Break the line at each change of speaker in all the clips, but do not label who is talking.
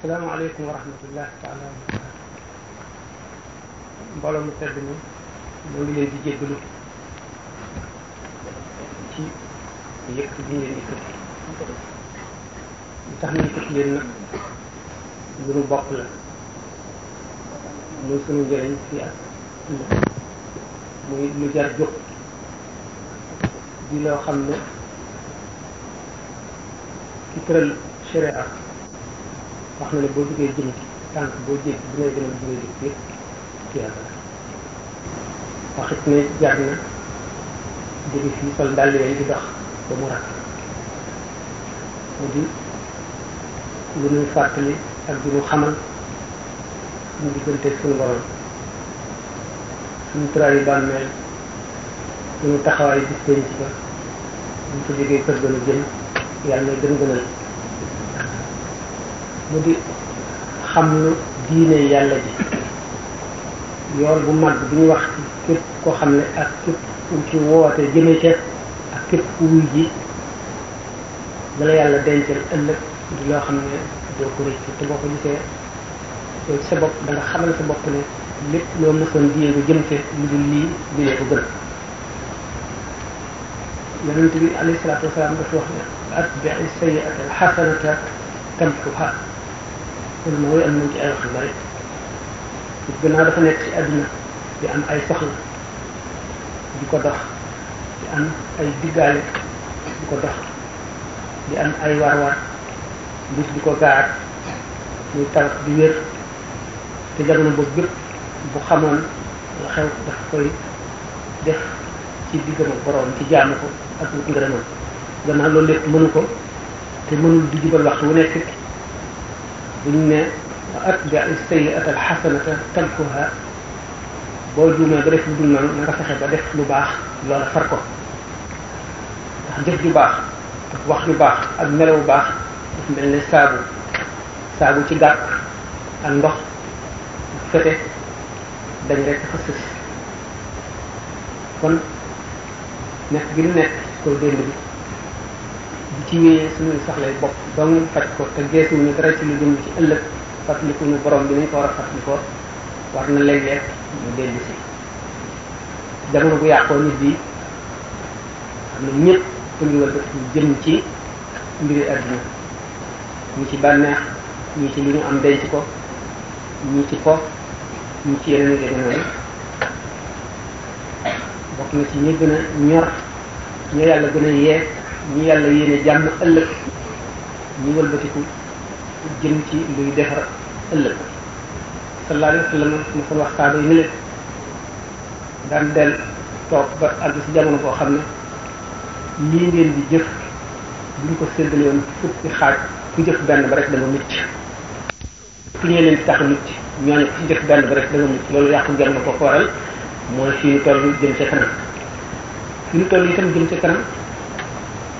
asalaamaaleykum wa rahmatullahi taala wa barakaatu mbooloo mu tedd mi ñoo ngi leen di jéggalu ci yëkkati bi ngeen yëkkati li tax ñu yëkkati leen nag lu nu bopp la muy sunu njëriñ fii ak muy lu jar jóg di loo xam ne ki tëral chéréa wax na ne boo duggee jëm tànk boo jéggi bi ngay demal bi ngay jëm yëpp jeex na waxit ne di dox ba mu rakk mu di lu ñuy fàttali ak di ñu xamal suñu diggante suñu borom suñu turaayu bàmmeel suñu taxawaayu gis penc ba ñu ko jógee kër gën a jëm yàlla na gën gënal mu di xam lu diine yàlla ji yoon bu mag bi ñu wax képp ko xam ne ak képp ku ci woote jëme ca ak képp ku wuy ji dala yàlla dencal ëllëg di loo xam ne doo ko rëcc te boo ko gisee yow sa bopp da nga xamal sa bopp ne lépp loo mësoon jiyee ko jëm te lu dul lii jiyee ko gën yonent bi alayhi salaatu wasalaam dafa wax ne atbi'i sayyi'ata alxasanata tamxuha kon mooy am nañ ci ay wax yu bari gannaaw dafa nekk ci àdduna di am ay soxla di ko dox di am ay diggaale di ko dox di am ay war-war bis di ko gaar muy tarat di wér te jamono boobu bu xamoon la xew dafa koy def ci diggam boroom ci jaamu ko ak wut ngërëmam gannaaw loolu lépp mënu ko te mënul di jubal waxtu wu nekk bu ñu ne wa atbi sayyi'ata alxasanata tamkuha boo juumee ba def lu dul na nga fexe ba def lu baax loola far ko ndax jëf ju baax ak wax ju baax ak melaw bu baax daf mel ne saabu saabu ci gàtt ak ndox ak fete dañ rekk fa sës kon nekk gi nekk koy dénd bi jiwee suñuy soxlay bopp ba mu faj ko te geesul ñu dara ci lu jëm ci ëllëg fàttaliku ñu borom bi nañ ko war a ko war na léeg-léeg ñu dellu si jamono bu yàqoo nit bi xam ne ñëpp pëngiwal def ñu jëm ci mbiri àdduna ñi ci bànneex ñii ci li ñu am denc ko ñii ci ko ñii ci yeneen ak yeneen bokk na ci ñi gën a ñor ñoo yàlla gën a yee ñi yàlla yéene jàmm ëllëg ñu wëlbatiku jëm ci luy defar ëllëg sallallahu alayhi wa sallam mu ko wax saaba yi ni leen daan del toog ba àgg si jamono boo xam ne lii ngeen di jëf buñ ko séddale woon fukki xaaj ku jëf benn ba rek danga mucc ku ñee leen di mucc ñooñu ku jëf benn ba rek danga mucc loolu yàqu jar ko ko waral mooy fii ñu toll jëm ca kanam fii ñu toll itam jëm ca kanam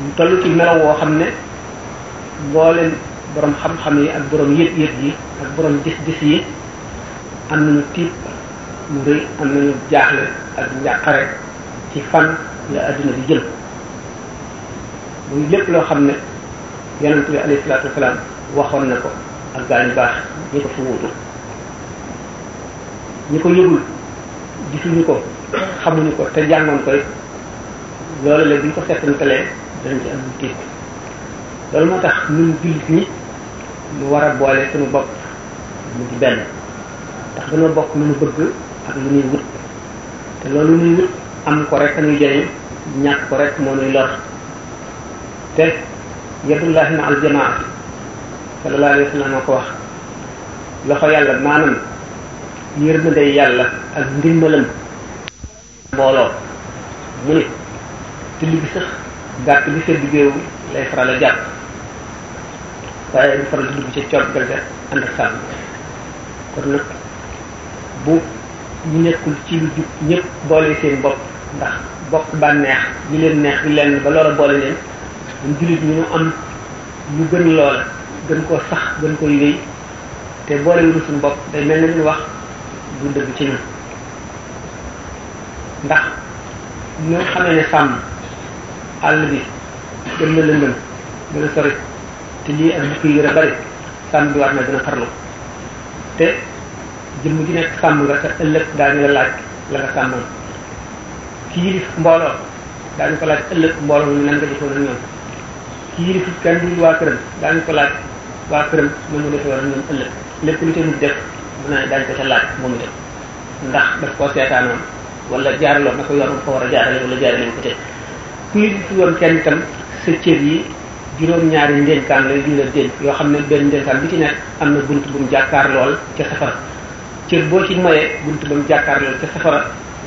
ñu toll ci melaw woo xam ne mboolem boroom xam-xam yi ak borom yëpp yëpp yi ak borom gis-gis yi am nañu tiit mu rëy am nañu jaaxle ak njàqare ci fan la adduna bi jëm muy lépp loo xam ne yonent bi alayhi salaatu wasalaam waxoon na ko ak gaa ñu baax ñi ko fa wuutu ñi ko yëgul gisuñu ko xamuñu ko te jàngoon koy loolu la bu ñu ko settantalee danañ ci am loolu moo tax ñun jullit ñi ñu war a boole suñu bopp mu di benn ndax dañoo bokk lu ñu bëgg ak lu ñuy wut te loolu ñuy wut am ko rek añuy jëriñ ñàkk ko rek moo ñuy lor te yadullahi ma al jamaa sallallahu alayhi wa sallam ko wax loxo yàlla maanaam yërmande yàlla ak ndimbalam mbooloo mu ne julli bi sax gàtt bi sa liggéeyu lay faral a jàpp waaye du faral di dugg ci coot galga ànd ak sàmm kon nag bu ñu nekkul ci lu jub ñëpp boole seen bopp ndax bokk bànneex li leen neex di leen ba loola boole leen ñun jullit ñu am lu gën loola gën koo sax gën koy wéy te boole wu suñ bopp day mel ni ñu wax du dëgg ci ñun ndax ñoo xamee ne sàmm àll bi gën na lëndëm gën a sori te lii ak bukki yi gën a bari sàmm bi war na gën a farlu te jëmm ji nekk sàmm nga te ëllëg daañu la laaj la mbooloo daañu ko laaj ëllëg mbooloo ñu nan nga defoon ak ñoom ki waa këram daañu ko laaj waa këram nan nga defoon ak ñoom ëllëg lépp lu te nit def mu ne daañu ko ca laaj moom itam ndax daf koo seetaanoon wala jaarloo na ko yoon ko war a jaarale wala jaarale ko te kuy woon kenn itam sa cër yi juróom-ñaari ndénkaan lay di la dénk yoo xam ne benn ndénkaan bi ci nekk am na bunt bu mu jàkkaar lool ca safara cër boo ci mayee bunt ba mu jàkkaar lool ca safara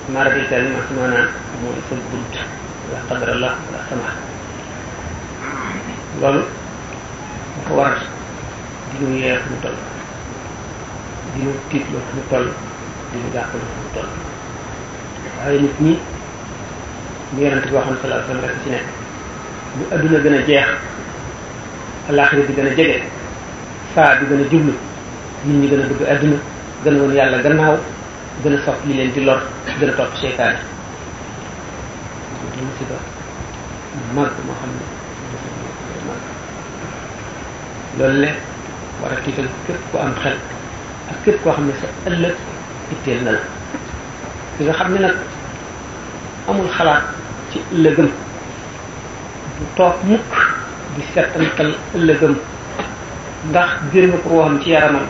bunt la qadara la wala sama loolu dafa war di ñu yee fu mu toll di ñu tiitloo fu mu toll di ñu jàppale mu toll waaye nit ñi lu yonent bi waxoon sallallahu alayhi wasallam rek ci nekk lu adduna gën a jeex alaxira bi gën a jege saa bi gën a jublu nit ñi gën a bëgg adduna gën a woon yàlla gannaaw gën a sopp li leen di lor gën a topp seytaane musiba mag loolu le war a tiital képp ko am xel ak képp koo xam ne sa ëllëg itteel na la ki nga xam ne nag amul xalaat ci ëllëgëm bu toog mukk di settantal ëllëgëm ndax jëriñu ko waxam ci yaramam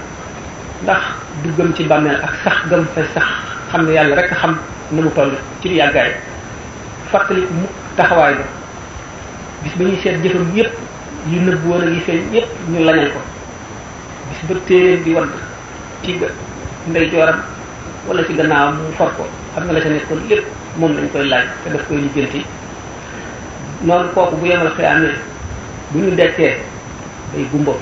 ndax duggam ci bàmmeel ak sax gëm fay sax xam ne yàlla rek xam na mu toll ci yàggaay fàttali mukk taxawaay ba bis ba ñuy seet jëfam yépp yu nëbb woon ak yi feeñ yépp ñu lañal ko bis ba téeréen bi wadd ci ndey jooram wala ci gannaawam mu for ko xam nga la sa nekkoon lépp moom lañ koy laaj te daf koy lijjanti noonu kooku bu yemal xiyaamee bu ñu dekkee day gumba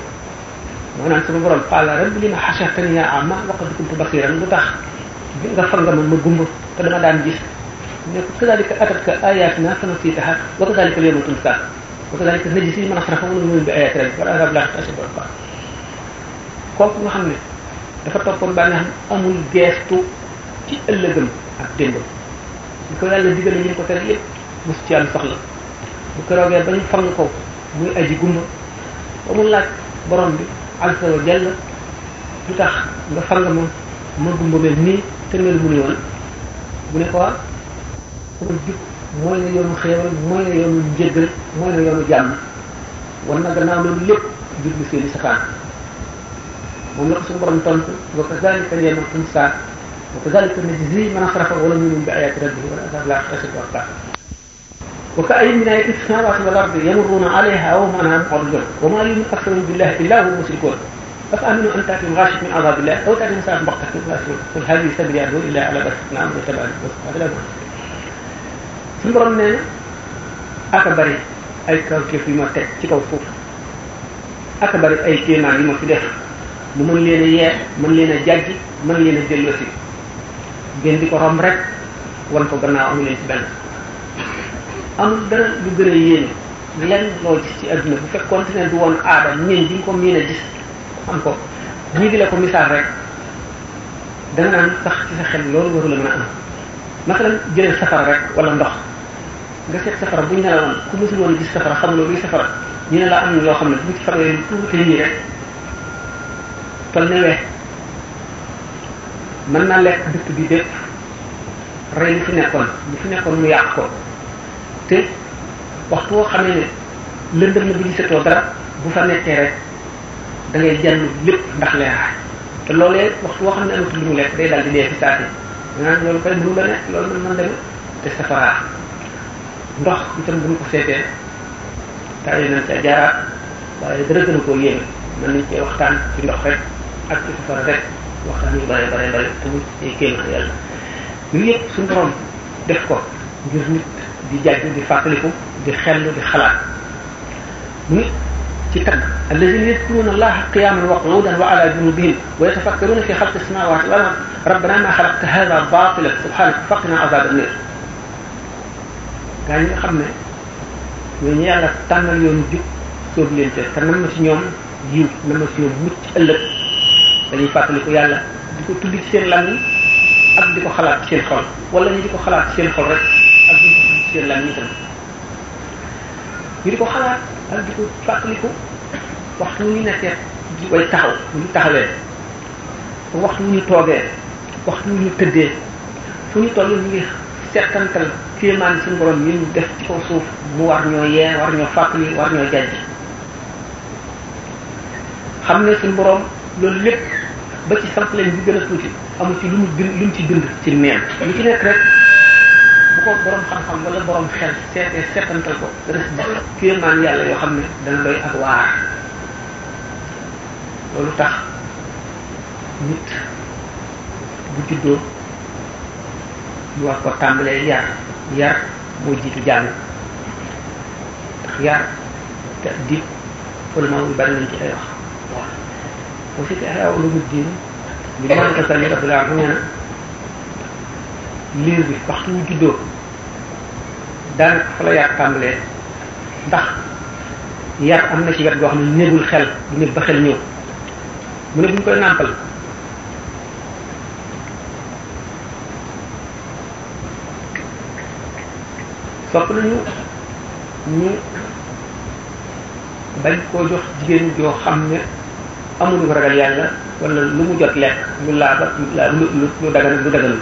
maanaam sama borom qaala rabbi lima hashartani ya ama waqad kuntu basiran lu tax nga far nga man ma gumba te dama daan gis ne ko kadalika atatka ayatina fanasitaha wa kadalika al yawma tunsa wa kadalika najzi man asrafa wa lam yu'min bi ayati rabbih wala rabb la tasbu kooku nga xam ne dafa toppoon bànneexam amul geestu ci ëllëgam ak li ko yàlla digal ñu ko tere yépp mosu ci am soxla bu keroogee bañ fang ko muy aji gumba ba mu laaj borom bi azza wa jalla tax nga fang ma ma gumba mel nii te mel mu ne woon bu ne ko waa sama jub mooy na yoonu xéewal mooy na yoonu njëggal mooy na yoonu jàmm wan na loolu lépp jur seeni safaan moom la ko suñu borom tontu wa kazalika ni'mal insan وكذلك نجزي من أشرك ولم يؤمن بآيات ربه والعذاب الآخرة أشد وكأي من آية في السماوات والأرض يمرون عليها وهم عنها معرضون وما يؤمن أكثرهم بالله إلا هم مشركون أفأمنوا أن تأتيهم غاشية من عذاب الله أو تأتيهم ساعة بغتة من غاشية قل هذه سبيلي أدعو إلا على بس نعم وتبعني وسبحان الله suñu borom nee na aka bari ay kawteef yu ma teg ci kaw foofu aka bari ay kéemaan yu ma fi def mu mën leen a yeer mën leen a jàjj mën leen a delloosi ngeen di ko romb rek wan ko gannaaw amu leen ci benn am dara lu gën a yéene lenn loo gis ci adduna bu fekkoon ne du woon aada miin bi ko miin a gis am ko ñii di la ko misaal rek dana naan sax ci sa xel loolu waru la mën a am ndox nga seet safara bu ñu ne ku mësul woon gis safara xamuloo luy safara ñu ne la am na loo xam ne bu ci faroo yéen tuuti nii rek toll ne weex mën naa lekk dëkk bi bépp rey li fi nekkoon lu fi nekkoon mu yàq ko te waxtu woo xamee ne lëndëm na bu gisatoo dara bu fa nekkee rek dangay ngay jànn lépp ndax leeraay te loolee waxtu woo xam ne amatul lu mu lekk day daal di dee fi saati danaan loolu koy mënu la ne loolu man man deme te safaraa ndox itam bu ñu ko seetee tàyyi nañ ca jaaraat waaye dara gën a koo yéeme mën nañ cee waxtaan ci ndox rek ak ci safara rek waxtaan yu bare bare bare tamit ay kéemaan yàlla yooyu yëpp suñu borom def ko ngir nit di jàjj di fàttaliku di xellu di xalaat nit ci tagg alladina yadkuruna allaha qiyaman wa qu'udan wa ala junubihim wa yatafakkaruna fi xalqi samawati wal ard rabbana ma xalaqta hada batila subhanaka faqina azab an-nar gaa ñi nga xam ne ñooñu yàlla tànnal yoonu jub sóobu leen te te nam ma ci ñoom yiw nam ma ci ñoom mucc ëllëg dañuy fàttaliku yàlla di ko tudd ci seen làmmiñ ak di ko xalaat ci seen xol wala ñu di ko xalaat ci seen xol rek ak di ko tudd ci ñu di ko xalaat ak di ko fàttaliku ñu nekkee way taxaw bu ñu taxawee waxtu ñu toogee waxtu ñu tëddee fu ñu toll ñu ngi seetantal kéemaan suñu borom yi ñu def ci kaw suuf mu war ñoo yee war ñoo fàttali war ñoo jajj xam ne suñu boroom loolu lépp ba ci sant leen bi gën a tuuti amul ci lu mu bind lu mu ci bind ci neen lu ci nekk rek bu ko borom xam-xam wala borom xel seetee seetantal ko dana si def kéemaan yàlla yoo xam ne dana doy ak waar loolu tax nit bu yar moo jiitu jàng ndax yar di fële maa ngi bari wax. wa fi Ihya Ulumuddin bi Imaam Ghazali radiyallahu anhu nee na liir bi waxtu wu juddoo daanaka fa la yàq tàmbalee ndax yar am na ci wet goo xam ne néegul xel du néeg ba xel ñëw mu ne bu koy nàmpal sopp nañu ñu bañ koo jox jigéen joo xam ne amul lu ragal yàlla wala lu mu jot lekk lu laa lu lu lu dagan lu dagan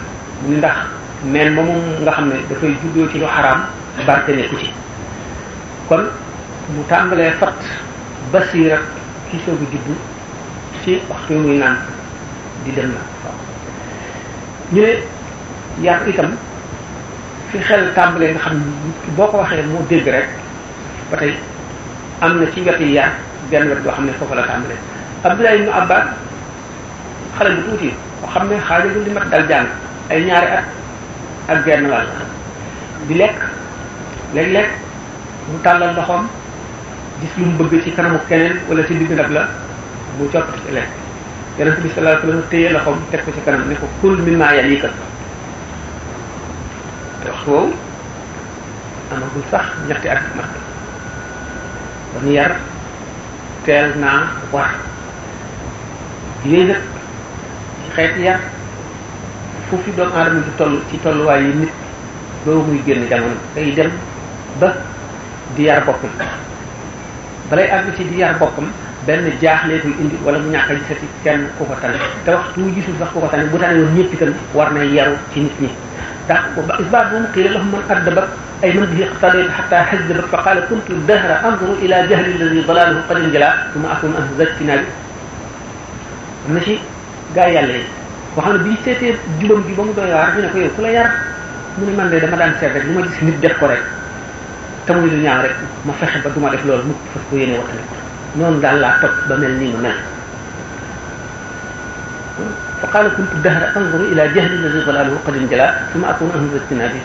ndax meen moomu nga xam ne dafay juddoo ci lu xaraam barke nekku ci kon mu tàmbalee fat basiira ki soog a juddu ci waxtu muy naan di dem na ñu ne yàq itam fi xel tàmbalee nga xam boo ko waxee moo dégg rek ba tey am na ci wet yi benn wet boo xam ne foofu la tàmbalee Abdullah ibn Abbas xale bu tuuti ko xam ne xaajagul li mat dal jàng ay ñaari at ak genn wàll di lekk léeg-léeg mu tàllal loxoom gis lu mu bëgg ci kanamu keneen wala ci digg ndab la mu coppati ci lekk yonent bi sallallahu alayhi wasallam téye loxoom teg ko ci kanam ne ko kul mimmaa yaliika wax woowu amagul sax ñetti at mat kon yar teel naa war yooyu nag xeeti yar foofu doomu aadama di toll ci tolluwaay yi nit loolu muy génn jamono day dem ba di yar boppam balay àgg ci di yar boppam benn jaaxle koy indi wala mu ñàkk a gisati kenn ku ko tane te wax tu gisul sax ku ko tane bu tane woon ñëpp itam war na yaru ci nit ñi ndax isbaat moom xiila lahum man addaba ay man bihi iqtadayt xata xajdabat fa qaala kuntu dahra anzuru ila jahli alladi dalaaluhu qad injala suma akun an zajtinaabi am na ci gaa yàlla yi boo xam ne bi ñu seetee jubam bi ba mu doy waar ñu ne ko yow ku la yar mu ne man de dama daan seet rek lu ma gis nit def ko rek te muy lu ñaaw rek ma fexe ba du ma def loolu mukk fas ko yéene wattandi ko noonu daal laa topp ba mel nii ma mel fa qaala kuntu dahra anzuru ila jahli alladi dalaaluhu qadim jala suma akunu ahmada istinaadi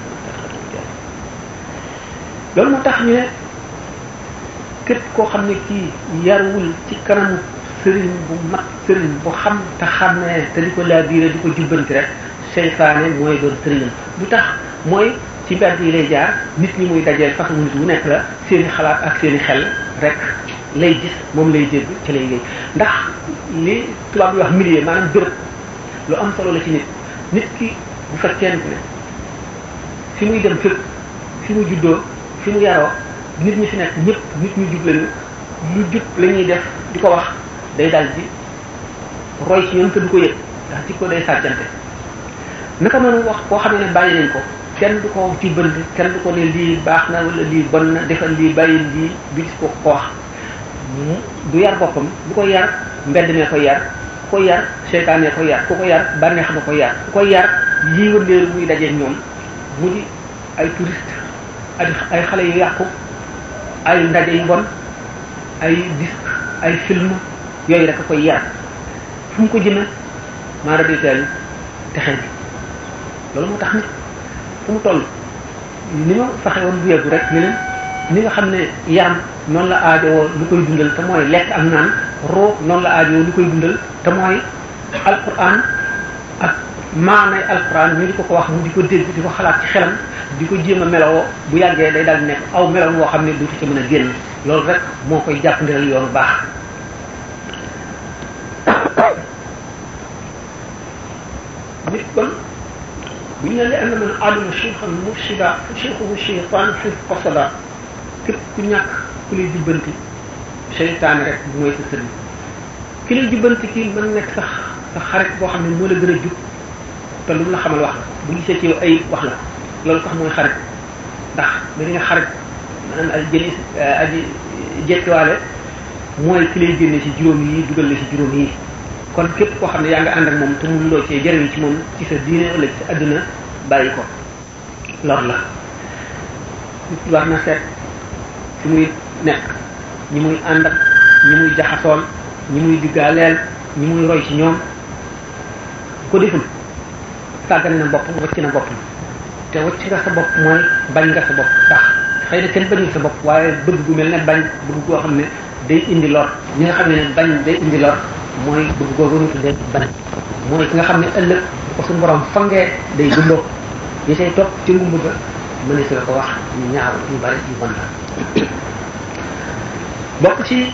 loolu moo tax ñu ne képp koo xam ne kii yarwul ci kanamu sëriñ bu mat sëriñ bu xam te xàmmee te di ko laabiire di ko jubbanti rek seytaane mooy doon sëriñam lu tax mooy ci mbedd yi lay jaar nit ñi muy dajeel façon nit wu nekk la seeni xalaat ak seeni xel rek lay gis moom lay dégg ci lay liggéey ndax li tubaab yi wax milieu maanaam béréb lu am solo la ci nit nit ki bu fekkente ne fi muy dem fépp fi mu juddoo fi mu yaroo nit ñi fi nekk ñëpp nit ñu jub lañu lu jub la ñuy def di ko wax day dal di roy ci ñoom te du ko yëg ndax jikko day sàccante naka noonu wax koo xam ne bàyyi nañ ko kenn du ko ci bënd kenn du ko ne lii baax na wala lii bon na defal lii bàyyi lii bis ko ko wax du yar boppam du ko yar mbedd mee ko yar ku ko yar seytaane ko yar ku ko yar bànneex ba ko yar ku ko yar lii wëndeel muy daje ñoom mu di ay touriste ay ay xale yu yàqu ay ndaje yu bon ay disque ay film yooyu rek a koy yar fu mu ko jëme maa rabi teel texe bi loolu moo tax nit fu mu toll ni ma fexe bu yeggu rek ni ni nga xam ne yaram noonu la aajowoo lu koy dundal te mooy lekk ak naan roo noonu la aajowoo koy dundal te mooy alquran ak maanay alquran ñu di ko ko wax mu di ko dégg di ko xalaat ci xelam di ko jéem a melowoo bu yàggee day daal di nekk aw melow woo xam ne duutu ci mën a génn loolu rek moo koy jàppandilal yoonu baax ñu ne la na man alima cheikhan mursida cheikhuhu cheytaan fi qasada képp ku ñàkk ku lay jubbanti cheytaan rek mooy sa sëriñ ki jubbanti kii mën nekk sax sa xarit boo xam ne moo la gën a jub te lu mu la xamal wax la bu gisee ci ay wax la loolu sax mooy xarit ndax bari nga xarit maanaam ak jëli aji jettiwaale mooy ki lay ci juróom yi dugal la ci juróom yii kon képp koo xam ne yaa ngi ànd ak moom te mun loo cee jëriñ ci moom ci sa diine ëllëg ci àdduna bàyyi ko lor la nit war na seet fi muy nekk ñi muy ànd ak ñi muy jaxasool ñi muy diggaaleel ñi muy roy ci ñoom ko deful tàggane na bopp wacc na bopp te wacc nga sa bopp mooy bañ nga sa bopp ndax xëy na kenn bañul sa bopp waaye bëgg gu mel ne bañ bëgg goo xam ne day indi lor ñi nga xam ne bañ day indi lor mooy bëgg googu ñu tuddee beneen mooy ki nga xam ne ëllëg ko suñu borom fangee day dundoo yi say topp ci ngumb ga mënees la ko wax ñu ñaaw ñu bari ñu bon bokk ci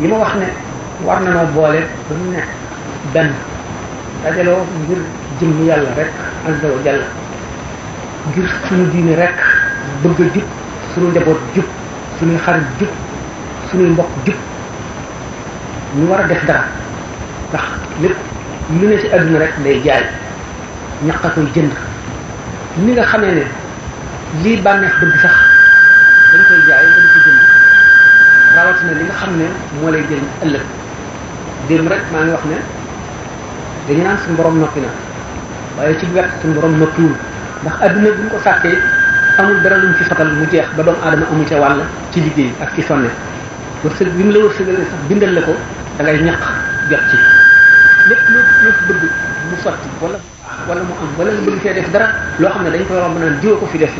yi ma wax ne war na noo boole ba mu ne benn dajaloo ngir jëmm yàlla rek azza wa ngir suñu diine rek bëgg a suñu njaboot jub suñuy xarit jub suñuy mbokk jub ñu war a def dara ndax lépp lu ne ci àdduna rek day jaay ñaq koy jënd ni nga xamee ne lii bànneex bëgg sax dañ koy jaay dañ ko jënd rawatina li nga xam ne moo lay jëriñ ëllëg démb rek maa ngi wax ne dañu naan suñu borom noppi na waaye ci wet suñu borom noppiwul ndax àdduna bu ñu ko sàkkee amul dara luñ ci sotal mu jeex ba doomu aadama amu ca wàll ci liggéey ak ci sonne wërsëg bi mu la wërsëgalee sax bindal la ko da ngay ñaq jot ci lépp lu lu bëgg mu sotti wala mu am wala lu bëgg dara loo xam ne dañ koy romb naan jiwa ko fi def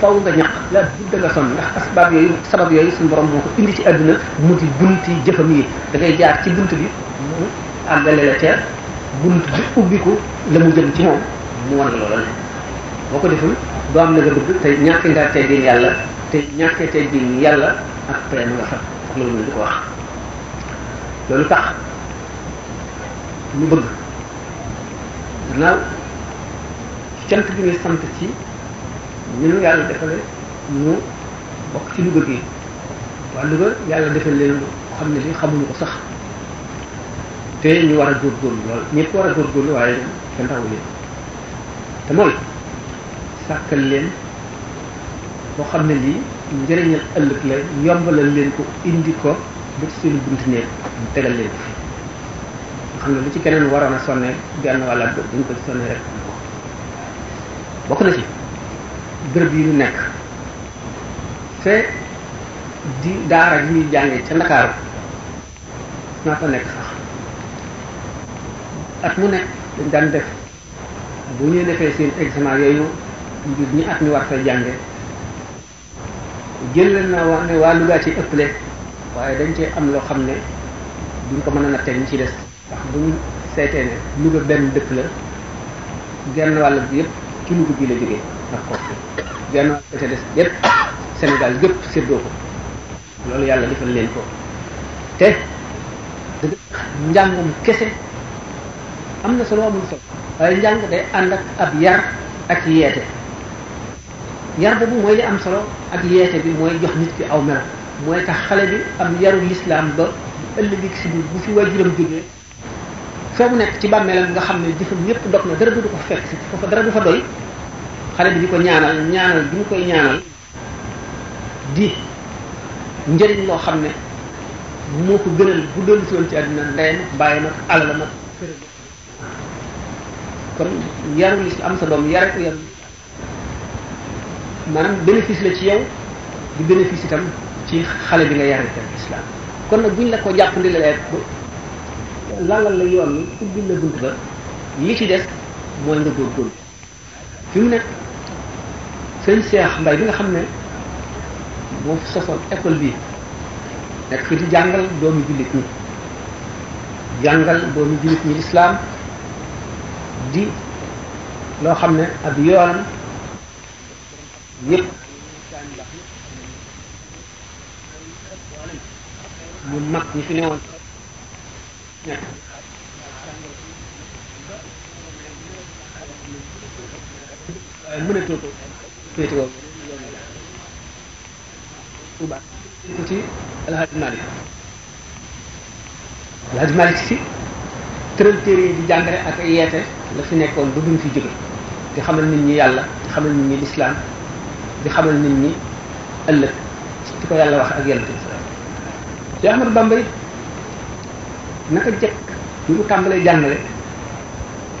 faw nga ñaq la budda nga sonn ndax asbaab yooyu sabab yooyu suñu borom moo ko indi ci àdduna mu di bunti jëfam yi da ngay jaar ci bunt bi mu àggale la teer bunt bi ubbiku la mu jëm ci moom mu wan la loola ko deful doo am na nga bëgg te ñàkk nga teggin yàlla te ñàkkee teggin yàlla ak prèm nga fa loolu la di ko wax loolu tax ñu bëgg gannaaw cant bi ñu sant ci ñun yàlla defale ñu bokk ci Louga gi waa Louga yàlla defal leen xam ne li xamuñu ko sax te ñu war a góorgóorlu lool ñëpp war a góorgóorlu waaye kenn taxu leen te mooy sàkkal leen boo xam ne lii njëriñal ëllëg la yombalal leen ko indi ko ba ci seeni buntu néeg mu tegal leen fi xam ne lu ci keneen waroon a sonne genn walla buñ ko ci sonne rek bokk na ci bërëb yi ñu nekk te di daara yi ñuy jànge ca Ndakaaru naa fa nekk sax at mu nekk dañ daan def bu ñu defee seen examen yooyu ngir ñi at ñu war fay jànge jël leen na wax ne waa Louga ci ëpple waaye dañ cee am loo xam ne duñ ko mën a nattee ñu ci des ndax bu ñu seetee ne Louga benn dëkk la genn wàll bi yëpp ci Louga bi la jógee ndax ko genn wàll ba ca des yëpp Sénégal yëpp séddoo ko loolu yàlla defal leen ko te njàngum kese am na solo amul solo waaye njàng day ànd ak ab yar ak yeete yar boobu mooy li am solo ak yeete bi mooy jox nit ki aw melo mooy tax xale bi am yaru lislaam ba ëllëg si biir bu fi waajuram jógee foo mu nekk ci bàmmeelam nga xam ne jëfam yépp dog na dara du ko fekk si foofa dara du fa doy xale bi di ko ñaanal ñaanal bi mu koy ñaanal di njëriñ loo xam ne moo ko gënal bu si woon ci àddina ndeyam ak bàyyam ak alalam ak kon yaru lislaam am sa doom yare ko yaru maanaam bénéfice la ci yow di bénéfice itam ci xale bi nga yarante islam kon nag buñ la ko jàppandilee lalal la yoon wi ubbil la bunt ba li ci des mooy nga góorgóorlu fi mu ne seen Cheikh Mbaye bi nga xam ne moo sosoon école bi nekk fi di jàngal doomu jullit ñi jàngal doomu jullit ñi lislaam di loo xam ne ab yoonam yépp mu mag ñi fi newoon mënatoo ko féetewoo Tuuba ci tëral téere yi di jàngale ak yeete la fi nekkoon ba duñ fi jóge di xamal nit ñi yàlla di xamal nit ñi lislaam di xamal nit ñi ëllëg ci ko yàlla wax ak yàlla Cheikh Ahmadou Bamba it naka jëkk bi mu tàmbalee jàngale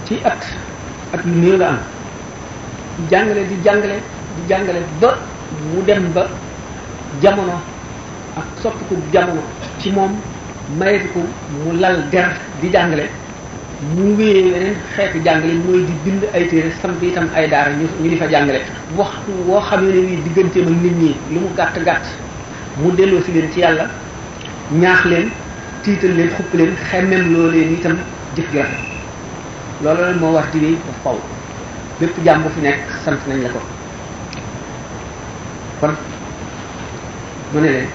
ci at ak yu néew la am di jàngale di jàngale di jàngale ba mu dem ba jamono ak soppiku jamono ci moom mayati ko mu lal der di jàngale mu wéyee weneen xeetu jàngale mooy di bind ay téere samp tam ay daara ñu ñu di fa jàngale waxtu woo xam ne nii digganteem ak nit ñi lu mu gàtt gàtt mu delloo si leen ci yàlla ñaax leen tiital leen xupp leen xemmem loo leen itam jëf ju rafet loolu la moo war diine ba faw bépp jàmm fi nekk sant nañ la ko kon mu ne leen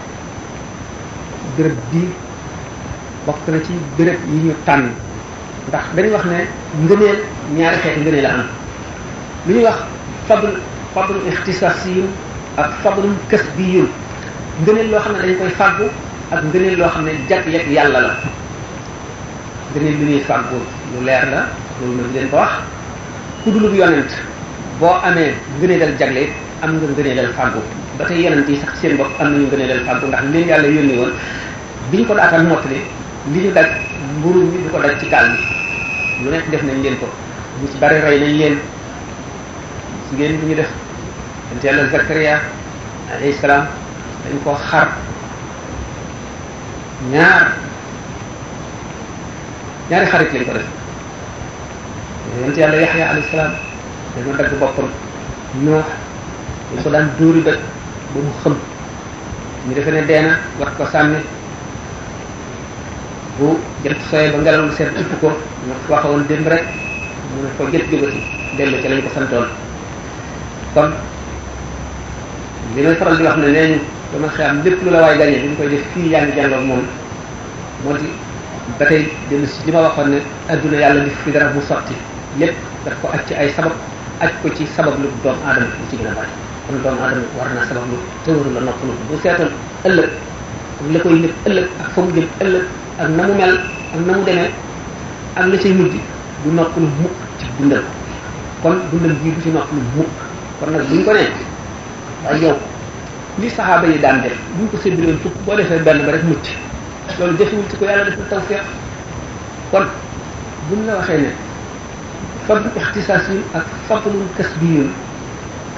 béréb bii bokk na ci béréb yi ñu tànn ndax dañu wax ne ngëneel ñaari xeet ngëneel am lu ñuy wax fadl fadl ixtisaasiyun ak fadlum kasbiyun ngëneel loo xam ne dañ koy fàggu ak ngëneel loo xam ne jagleel yàlla la ngëneel lu ñuy fàggu lu leer la loolu nag leen ko wax ku dulub yonent boo amee ngëneelal jagle am nga ngëneelal fàggu ba tey yonent yi sax seen bopp am na nañu ngëneelal fàggu ndax leen yàlla yónni woon bi ñu ko daataan mottali li ñu daj mburu mi du ko daj ci gaal bi lu nekk def nañ leen ko ñu ci bari rey nañ leen su ngeen lu ñu def yonent yàlla Zakariya alayhi salaam dañ ko xar ñaar ñaari xarit lañ ko def yonent yàlla yaxya alayhi salaam dañoo dagg boppam noox dañ ko daan dóori bët ba mu xëm ñu defe ne dee na wax ko sànni bu jant sooyee ba ngelaw li seen ëpp ko ñu waxoon démb rek mu ne ko jët jógati dellu ci lañ ko santoon kon li may faral di wax ne nee ñu dama xam lépp lu la waay gañee dañ koy def fii yaa ngi jàlloog moom moo di ba tey dem si li ma waxoon ne adduna yàlla di fi dara mu sotti lépp daf ko aj ci ay sabab aj ko ci sabab lu doomu aadama lu ci gën a bari kon doomu aadama war naa sabab lu tëwru la nopp lu bu seetal ëllëg ak la koy nëb ëllëg ak fa mu jëm ëllëg ak na mu mel ak na mu demee ak la cay mujj du nopp lu mukk ci dundal kon dundal bii du ci nopp lu mukk kon nag buñ ko ne waaye yow li saxaaba yi daan def bu ñu ko séddiloon fukk boo defee benn ba rek mucc loolu jëfewul ci ko yàlla def na tawfeex kon buñ la waxee ne fadlu ixtisaas yi ak fadlul kas biyun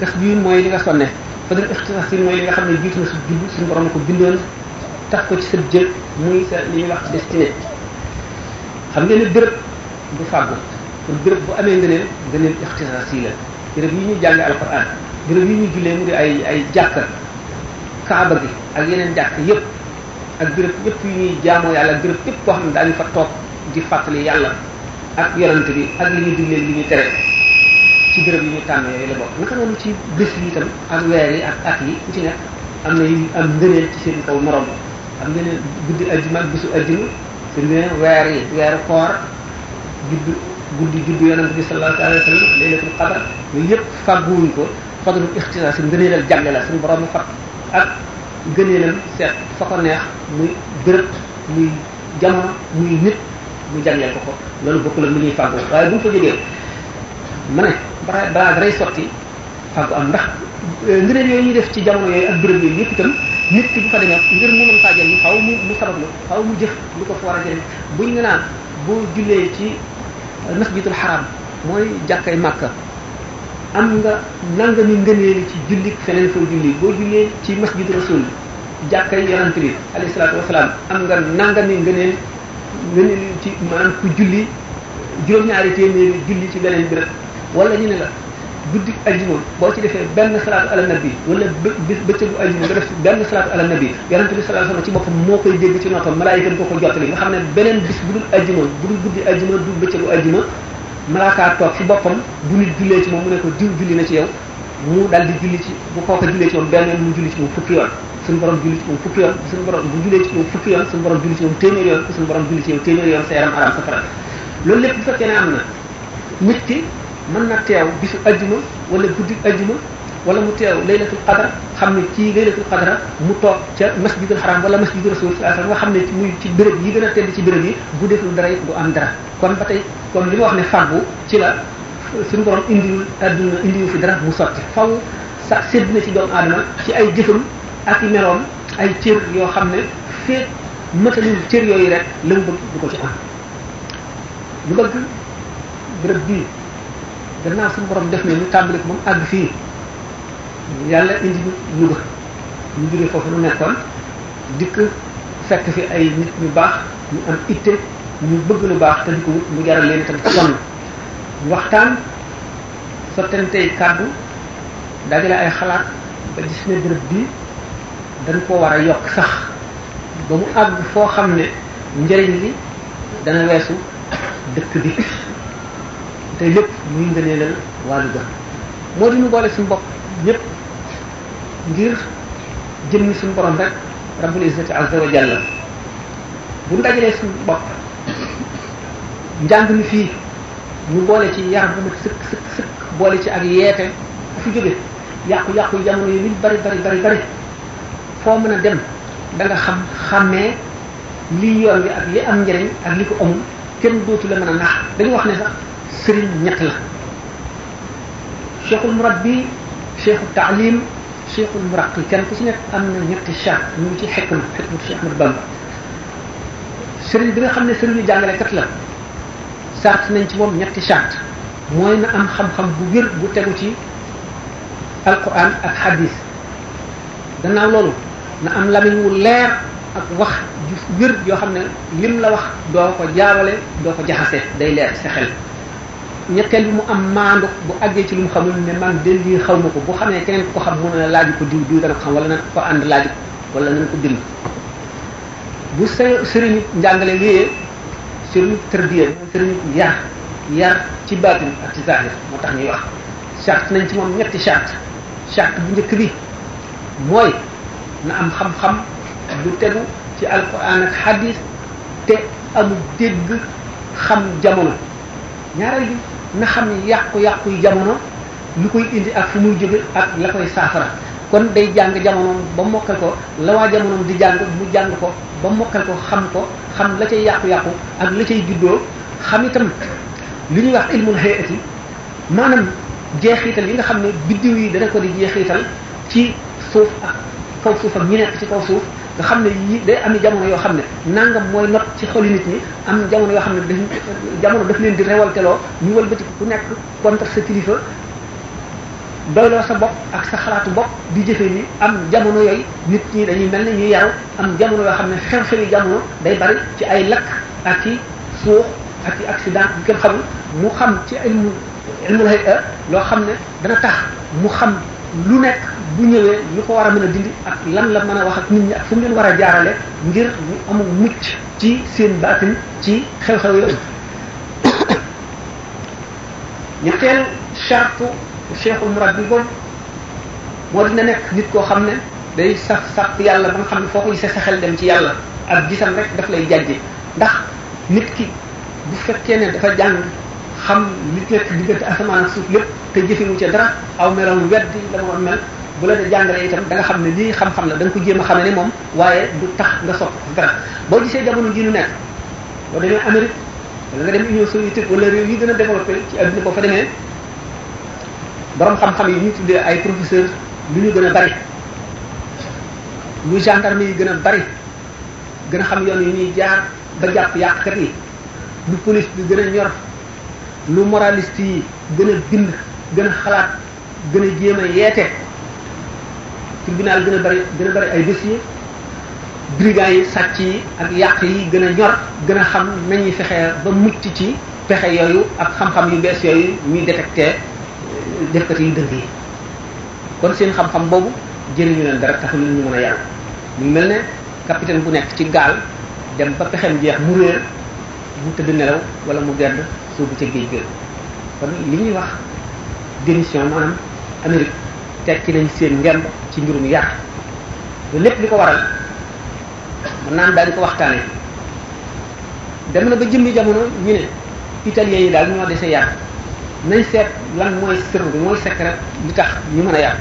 kas biyun mooy li nga sonne fadlul ixtisaas yi mooy li nga xam ne jiitu na su jubb suñu borom ko bindoon tax ko ci sa jël muy sa li ñuy wax destiné xam nga ne béréb du fàggu pour béréb bu amee nga neen nga neen ixtisaas yi la béréb yi ñuy jàng alquran béréb yi ñuy jullee mu ay ay jàkka kaaba gi ak yeneen jàkk yépp ak béréb yépp yu ñuy jaamoo yàlla ak béréb yépp koo xam ne daañu fa toog di fàttali yàlla ak yonante bi ak li ñu digleen li ñu tere ci béréb yi ñu tànn yooyu la bokk naka noonu ci bés yi itam ak weer yi ak at yi ci nekk am na yu ci seen kaw morom am ngëneel guddi ajjuma ak bisu weer yi weeru koor juddu guddi juddu yonante bi sallallahu ko fadlu ixtisaas ngëneelal jagle la suñu borom fat ak gëneelam seet fa ko neex muy bërët muy jamono muy nit mu jàngeel ko ko loolu bokkul la lu ñuy fàggu waaye bu mu fa jógee ma ne balaa balaa daray sotti fàggu am ndax euh, ngëneel yooyu ñuy def ci jamono yooyu ak bërëb yooyu yëpp itam nit ki bu fa demee ngir mu mën faa jëriñ xaw mu mu sabab lu xaw mu jëf lu ko fa war a jëriñ buñ nga naan boo jullee ci euh, masjidul xaram mooy jàkkay màkka am nga nangami ngëneeli ci jullit feneen foo julli boo jullee ci masjid rasul jàkkay yonent bi alayhi salaatu wasalaam am nga nangami ngëneel ngëneel ci maanaam ku julli juróom-ñaari téeméeri julli ci beneen béréb wala ñu ne la guddi aljuma boo ci defee benn salaatu ala nabi wala bë bëccëgu aljuma nga def benn salaatu ala nabi yonent ci boppam moo koy dégg ci noppam malaayika ko ko jottali nga xam ne beneen bis bu dul aljuma bu dul guddi aljuma du bëccëgu aljuma malaakaa toog si boppam bu nit jullee ci moom mu ne ko diw julli na ci yow mu dal di julli ci bu kooka jullee ci moom benn yoon mu julli ci moom fukki yoon suñu borom julli ci moom bu jullee ci moom fukki yoon suñu borom julli ci téeméer yoon suñu borom julli ci yow téeméer yoon sa yaram aram sa faral loolu lépp bu fekkee ne am na nit ki mën na teew bisu ajjuma wala guddi ajjuma wala mu teew laylatul qadar xam ne ci laylatul qadar mu toog ca masjidul haram wala masjidu rasul sallallahu alayhi wasallam nga ne muy ci béréb yi gën a tedd ci bërëb yi bu deful dara du am dara kon ba tey kon li ma wax ne fàggu ci la suñu borom indiwul adduna indiwu fi dara mu sotti faw sa sédd na ci doomu aadama ci ay jëfam ak i meloom ay cër yoo xam ne feeg mëtalul cër yooyu rek la mu bëgg du ko ci am lu bëgg béréb bii gannaaw suñu borom def ne ñu tàmbali moom àgg fii yàlla indi ñu Louga ñu jógee foofu mu nekkoon dikk fekk fi ay nit ñu baax ñu am itte ñu bëgg lu baax te di ko mu jaral leen itam sonn waxtaan sottantey kàddu dajale ay xalaat ba gis ne bërëb bii dañ koo war a yokk sax ba mu àgg foo xam ne njariñ li dana weesu dëkk bi te lépp muy ngëneelal waa Louga moo di ñu boole suñu bopp ñëpp ngir jëmmi suñu borom rek rabbul izzati azza wa jalla bu ndajalee suñu bopp njàng mi fii ñu boole ci yar bu mat sëkk sëkk sëkk boole ci ak yeete ku fi jóge yàqu-yàqu jamono yi luñ bari bari bari foo mën a dem danga nga xam xàmmee li yoon wi ak li am njëriñ ak li ko amul kenn dootu la mën a nax dañu wax ne sax sëriñ ñett la cheikhul murabbi cheikhu taalim cheikhul muraqil kenn ci am na ñetti cheikh ñu ngi ci xekma xekma cheikh Ahmad Bamba sëriñ bi nga xam ne sëriñu jàngalekat la sart nañ ci moom ñetti chart mooy na am xam-xam bu wér bu tegu ci al alquran ak hadis gannaaw loolu na am lamiñ wu leer ak wax ju wér yoo xam ne lim la wax doo ko jaawale doo ko jaxase day leer sa xel ñetteel bi mu am maandu bu àggee ci lu mu xamul ne man de lii xaw ma ko bu xamee keneen ku ko xam mën na laaj ko diw diw dana ko xam walla nan ko ànd laaj ko wala nan ko bind bu së sëriñu njàngale wéyee sëriñu tërbiya mooy yar yar ci baatin ak ci zahir moo tax ñuy wax charte nañ ci moom ñetti charte charte bu njëkk bi mooy na am xam-xam bu tegu ci alquran ak hadis te amul dégg xam jamono ñaareel bi na xam ne yàqu-yàqu yi jamono lu koy indi ak fu muy jóge ak la koy saafara kon day jàng jamonoom ba mokkal ko la waa jamonoom di jàng mu jàng ko ba mokkal ko xam ko xam la cay yàqu-yàqu ak la cay juddoo xam itam li ñuy wax ilmul hayati maanaam jeexital yi nga xam ne biddiw yi dana ko di jeexiital ci suuf ak kaw suuf ak ñu nekk ci kaw suuf nga xam ne yii day am jamono yoo xam ne nangam mooy not ci xoli nit ñi am jamono yoo xam ne daf jamono daf leen di révolteloo ñu wëlbati ku nekk contre sa kilifa sa bopp ak sa xalaatu bopp di jëfe ni am jamono yooyu nit ñi dañuy mel ne ñuy yaru am jamono yoo xam ne xew-xewi jamono day bari ci ay lakk ci suux accident bi mu xam ci loo xam ne dana tax mu xam lu nekk bu ñëwee lu ko war a mën a dindi ak lan la mën a wax ak nit ñi ak fu mu war a jaarale ngir ñu amul mucc ci seen baatin ci xew-xew yooyu ñetteel charte cheikhul murabbi boobu moo dina nekk nit koo xam ne day sax sax yàlla ba nga xam ne foo ko gisee sa xel dem ci yàlla ak gisam rek daf lay jàjje ndax nit ki bu fekkee ne dafa jàng xam li nekk diggante asamaan ak suuf lépp te jëfewu ca dara aw melam weddi la ma mel bu la da jàngalee itam da nga xam ne lii xam-xam la da ko jéem a xamee ne moom waaye bu tax nga sopp dara boo gisee jamono ji ñu nekk boo demee Amérique wala nga dem Union soviétique wala réew yi gën a développé ci adduna boo fa demee borom xam-xam yi ñu tuddee ay professeur lu ñu gën a bari lu gendarme yi gën a bari gën a xam yoon yi ñuy jaar ba jàpp yàqkat yi lu police bi gën lu moraliste yi gën a bind gën a xalaat gën a jéem a yeete tribunal gën a bari gën a bari ay dossier brigand yi sàcc yi ak yàq yi gën a ñor gën a xam nañuy fexe ba mucc ci pexe yooyu ak xam-xam yu bees yooyu ñuy détecté euh, defkat yu dëng yi kon seen xam-xam boobu jëriñu leen dara taxul ñu mën a yàlla mu mel ne capitaine bu nekk ci gaal dem ba pexem jeex mu réer mu tëdd nelaw wala mu gedd soo bu ca géej géej kon li ñuy wax démission maanaam Amérique ci nañ seen ngemb ci mbirum yàq loolu lépp li ko war a mën naan daañu ko waxtaane dem na ba jëmmi jamono ñu ne italiens yi daal ñoo desee yàq nañ seet lan mooy sër bi mooy secret li tax ñu mën a yàq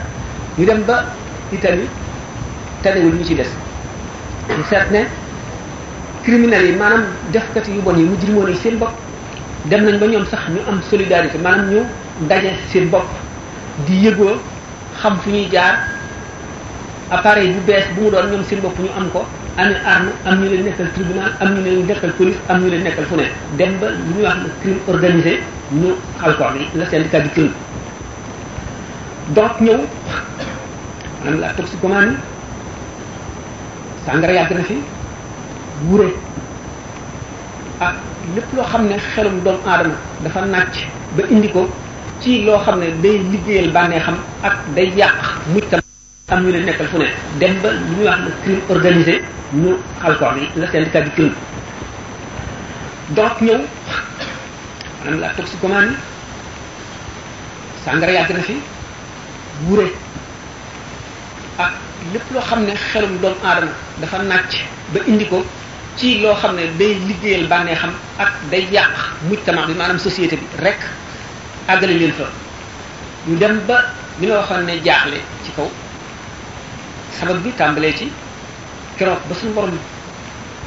ñu dem ba Italie tanewul ñu ci des ñu seet ne criminels yi maanaam defkati yu bon yi mu moo ne seen bopp dem nañ ba ñoom sax ñu am solidarité maanaam ñu ndaje seen bopp di yëgoo xam fu ñuy jaar appareil bu bees bu mu doon ñoom seen bopp ñu am ko amee arme am ñu leen nekkal tribunal am ñu leen nekkal police am ñu leen nekkal fu dem ba lu ñuy wax le crime organisé ñu xal ko la syndicat du crime donc ñëw maanaam la toxicomanie sàngara yàgg na fi wure lépp loo xam ne xelum doomu aadama dafa nàcc ba indi ko ci loo xam ne day liggéeyal bànneexam ak day yàq mujj am ñu ne nekkal fu ne dem ba lu ñuy wax le crime organisé ñu alcool yi la syndicat du crime donc ñëw maanaam la toxicomanie sàngara yàgg na fi wure ak lépp loo xam ne xelum doomu aadama dafa nàcc ba indi ko ci loo xam ne day liggéeyal bànnee xam ak day yàq mujtama bi maanaam société bi rek àggale leen fa ñu dem ba li ma waxoon ne jaaxle ci kaw sabab bi tàmbalee ci keroog ba suñu borom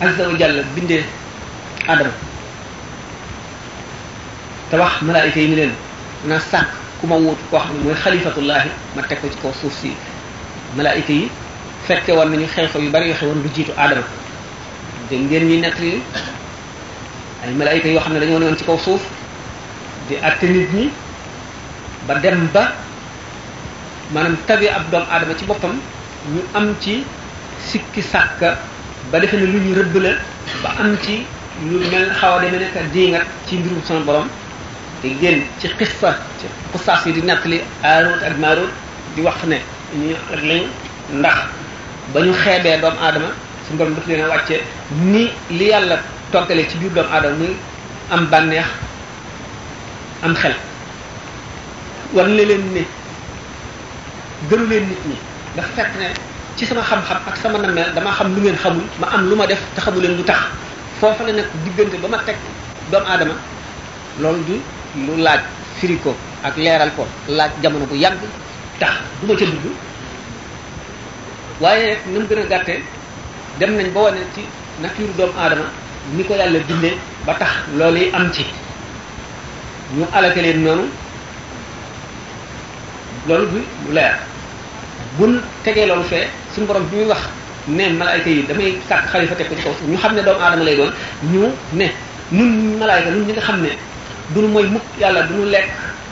azza wa jalla bindee adama te wax leen na sàkk ku ma wut koo xam ne mooy xalifatullahi ma teg ko ci kaw suuf si malaayika yi fekke woon nañu xew-xew yu bari yoo xewoon lu jiitu adama dégg ngeen ñuy nett yi ay malaayika yoo xam ne dañoo newoon ci kaw suuf di àtte nit ñi ba dem ba maanaam tabi ab doomu aadama ci boppam ñu am ci sikki sàkka ba defe ne lu ñu rëbb la ba am ci lu mel xaw a deme nekka diingat ci mbirum sama borom te génn ci xissa ci xusaas yi di nettali aaroot ak maaroot di wax ne ñu ak lañu ndax ba ñu xeebee doomu aadama suñu borom daf leen a wàcce nii li yàlla toggale ci biir doomu aadama muy am bànneex am xel war na leen ne gënu leen nit ñi dafa fekk ne ci sama xam-xam ak sama nameel dama xam lu ngeen xamul ma am lu ma def te xamu leen lu tax foofa la nekk diggante ba ma teg doomu aadama loolu du lu laaj firi ko ak leeral ko laaj jamono bu yàgg tax du ca dugg waaye ni mu gën a gàttee dem nañ ba wane ci nature doomu aadama ni ko yàlla bindee ba tax loolu yi am ci ñu alaka leen noonu loolu bi lu leer buñ tegee loolu fee suñu borom bi muy wax ne malaayka yi damay sàkk xalifa te ko ci kaw ñu xam ne doomu aadama lay doon ñu ne nun malaayka nun ñi nga xam ne duñu mooy mukk yàlla duñu lekk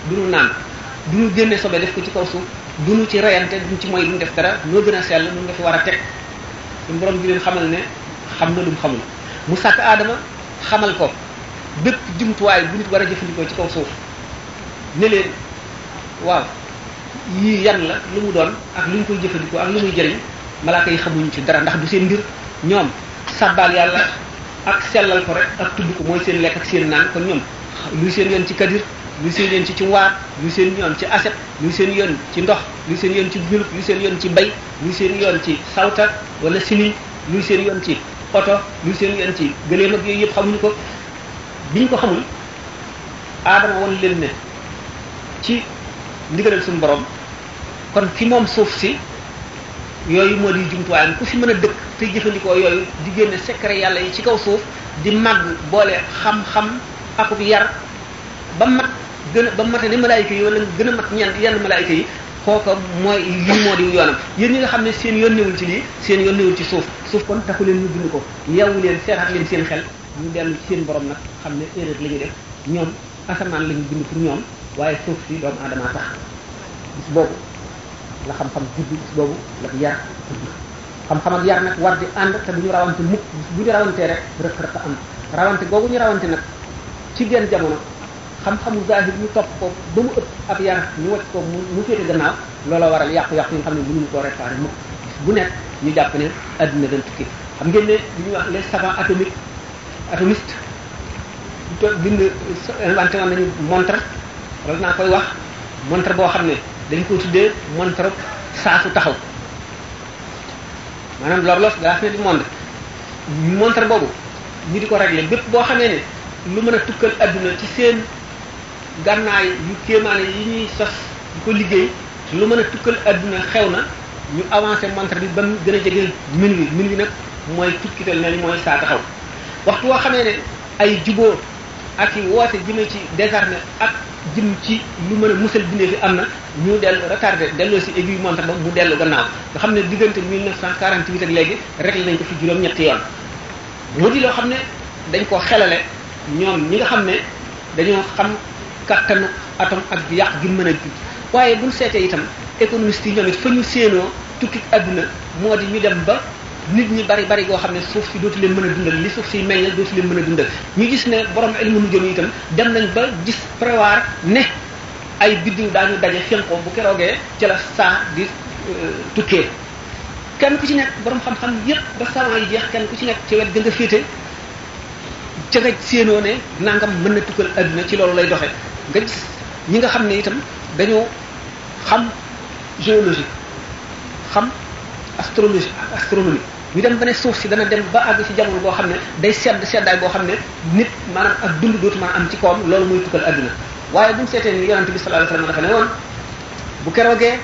duñu naan duñu génne sobe def ko ci kaw suuf duñu ci reyante duñu ci mooy duñu def dara ñoo gën a sell ñu nga fi war a teg suñu borom di xamal ne xam na lu mu xamul mu sàkk aadama xamal ko bépp jumtuwaay bu nit war a jëfandikoo ci kaw suuf ne leen waaw yii yan la lu mu doon ak lu ñu koy jëfandikoo ak lu muy jëriñ malaaka yi xamuñ ci dara ndax du seen mbir ñoom sàbbaal yàlla ak sellal ko rek ak tudd ko mooy seen lekk ak seen naan kon ñoom luy seen yoon ci kadir luy seen yoon ci ci waar luy seen yoon ci aset luy seen yoon ci ndox luy seen yoon ci gulub luy seen yoon ci bay luy seen yoon ci sawta wala siniñ luy seen yoon ci oto luy seen yoon ci gëleem ak yooyu yëpp xamuñu ko biñ ko xamul aadama woon leen ne ci ndigalal suñu borom kon ki moom suuf si yooyu moo di jumtuwaayam ku fi mën a dëkk tey jëfandikoo yooyu di génne secret yàlla yi ci kaw suuf di màgg boole xam-xam akub yar ba mat gën a ba mate ne malaayika yi wala gën a mat ñen yenn malaayika yi kooka mooy lii moo di yoonam yéen ñi nga xam ne seen yoon newul ci lii seen yoon newul ci suuf suuf kon taxu leen ñu bind ko yeewu leen seetaat leen seen xel ñu dellu seen borom nag xam ne erreur la ñu def ñoom asamaan la ñu bind pour ñoom waaye suuf si doomu aadama tax bis boobu la xam-xam judd bis boobu la yar judd xam-xam ak yar nag war di ànd te bu ñu rawante mukk bu ñu rawantee rek rëq rëq am rawante ñu rawante nag ci genn jamono xam-xamu zahir ñu topp ko ba mu ëpp ab yar ñu wacc ko mu féete gannaaw loola waral yàqu-yàqu yi nga xam ne mënuñu koo réparé mukk bu nekk ñu jàpp ne adduna dañ tukki xam ngeen ne ñuy wax les savants atomiques atomistes to bind inventé woon naa koy wax montre boo xam ne dañ ko tuddee saa su taxaw maanaam l'horloge de la fin boobu ñu di ko réglé bépp boo xamee ne lu mën a tukkal adduna ci seen gànnaay yu kéemaane yi ñuy sos di ko liggéey lu mën a tukkal àdduna xew na ñu avancé montre bi ba mu gën a jege minuit minuit nag mooy tukkital na li mooy saa taxaw waxtu woo xamee ne ay juboo ak yi woote jëme ci désarmé ak jëm ci lu mën a musal bindee fi am na ñu dellu retardé delloo si aiguille montre ba mu dellu gannaaw nga xam ne diggante 1948 ak léegi réglé nañ ko fi juróom-ñetti yoon moo di loo xam ne dañ koo xelale ñoom ñi nga xam ne dañoo xam kattanu atom ak yàq gi mën a jug waaye buñ seetee itam économistes yi ñoom it fa ñu séenoo tukki adduna moo di ñu dem ba nit ñi bari bari goo xam ne suuf si dootu leen mën a dundal li suuf si meññal dootu leen mën a dundal ñu gis ne borom ilmu nu jëm itam dem nañ ba gis prévoir ne ay biddiw daañu daje fenko bu keroogee ci la saa di euh, tukkee kenn ku ci nekk boroom xam-xam yépp ba savant yi jeex kenn ku ci nekk ci wet gën nga féete ca nga séenoo ne nangam mën na tukkal adduna ci loolu lay doxe nga gis ñi nga xam ne itam dañoo xam géologie xam astrologie astronomie ñu dem ba ne suuf si dana dem ba àgg ci jamono boo xam ne day sedd seddaay boo xam ne nit maanaam ak dund dootu maa am ci kawam loolu mooy tukkal adduna waaye bu ñu seetee ni yonente bi sallallahu alayhi wasallam dafa ne woon bu keroogee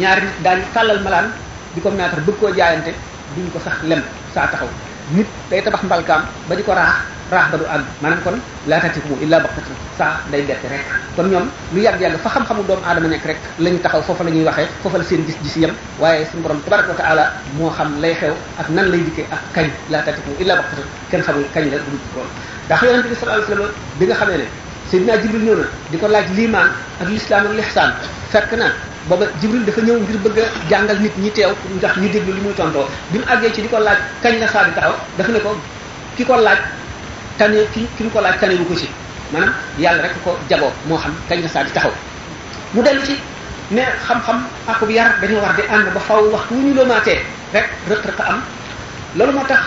ñaari nit daañu tàllal malaan di ko naatar bëgg koo jaayante duñ ko sax lem saa taxaw nit day tabax mbalkaam ba di ko raax raax ba du àgg maanaam kon laa tatikum illa baqtatan saa day bett rek kon ñoom lu yàgg-yàgg fa xam-xamu doomu aadama nekk rek la ñu taxaw foofu la ñuy waxee foofa la seen gis-gis yam waaye su borom tabaraka wa taala moo xam lay xew ak nan lay dikkee ak kañ laa tatikum la du lool ndax yonente bi nga xamee ne Seydina Jibril ko laaj liimaan ak l'islam ak l'ihsan fekk na booba Jibril dafa ñëw ngir bëgg a jàngal nit ñi teew ndax ñu déglu li muy tontoo bi àggee ci di ko laaj kañ la saa di taxaw dafa ne ko ki ko laaj tane ki ki mu ko laaj tane bu ko ci maanaam yàlla rek ko jagoo moo xam kañ la saa di taxaw mu dellu ci ne xam-xam ak bu yar dañoo war di ànd ba faw waxtu wu ñu loomaatee rek rëq-rëq am loolu moo tax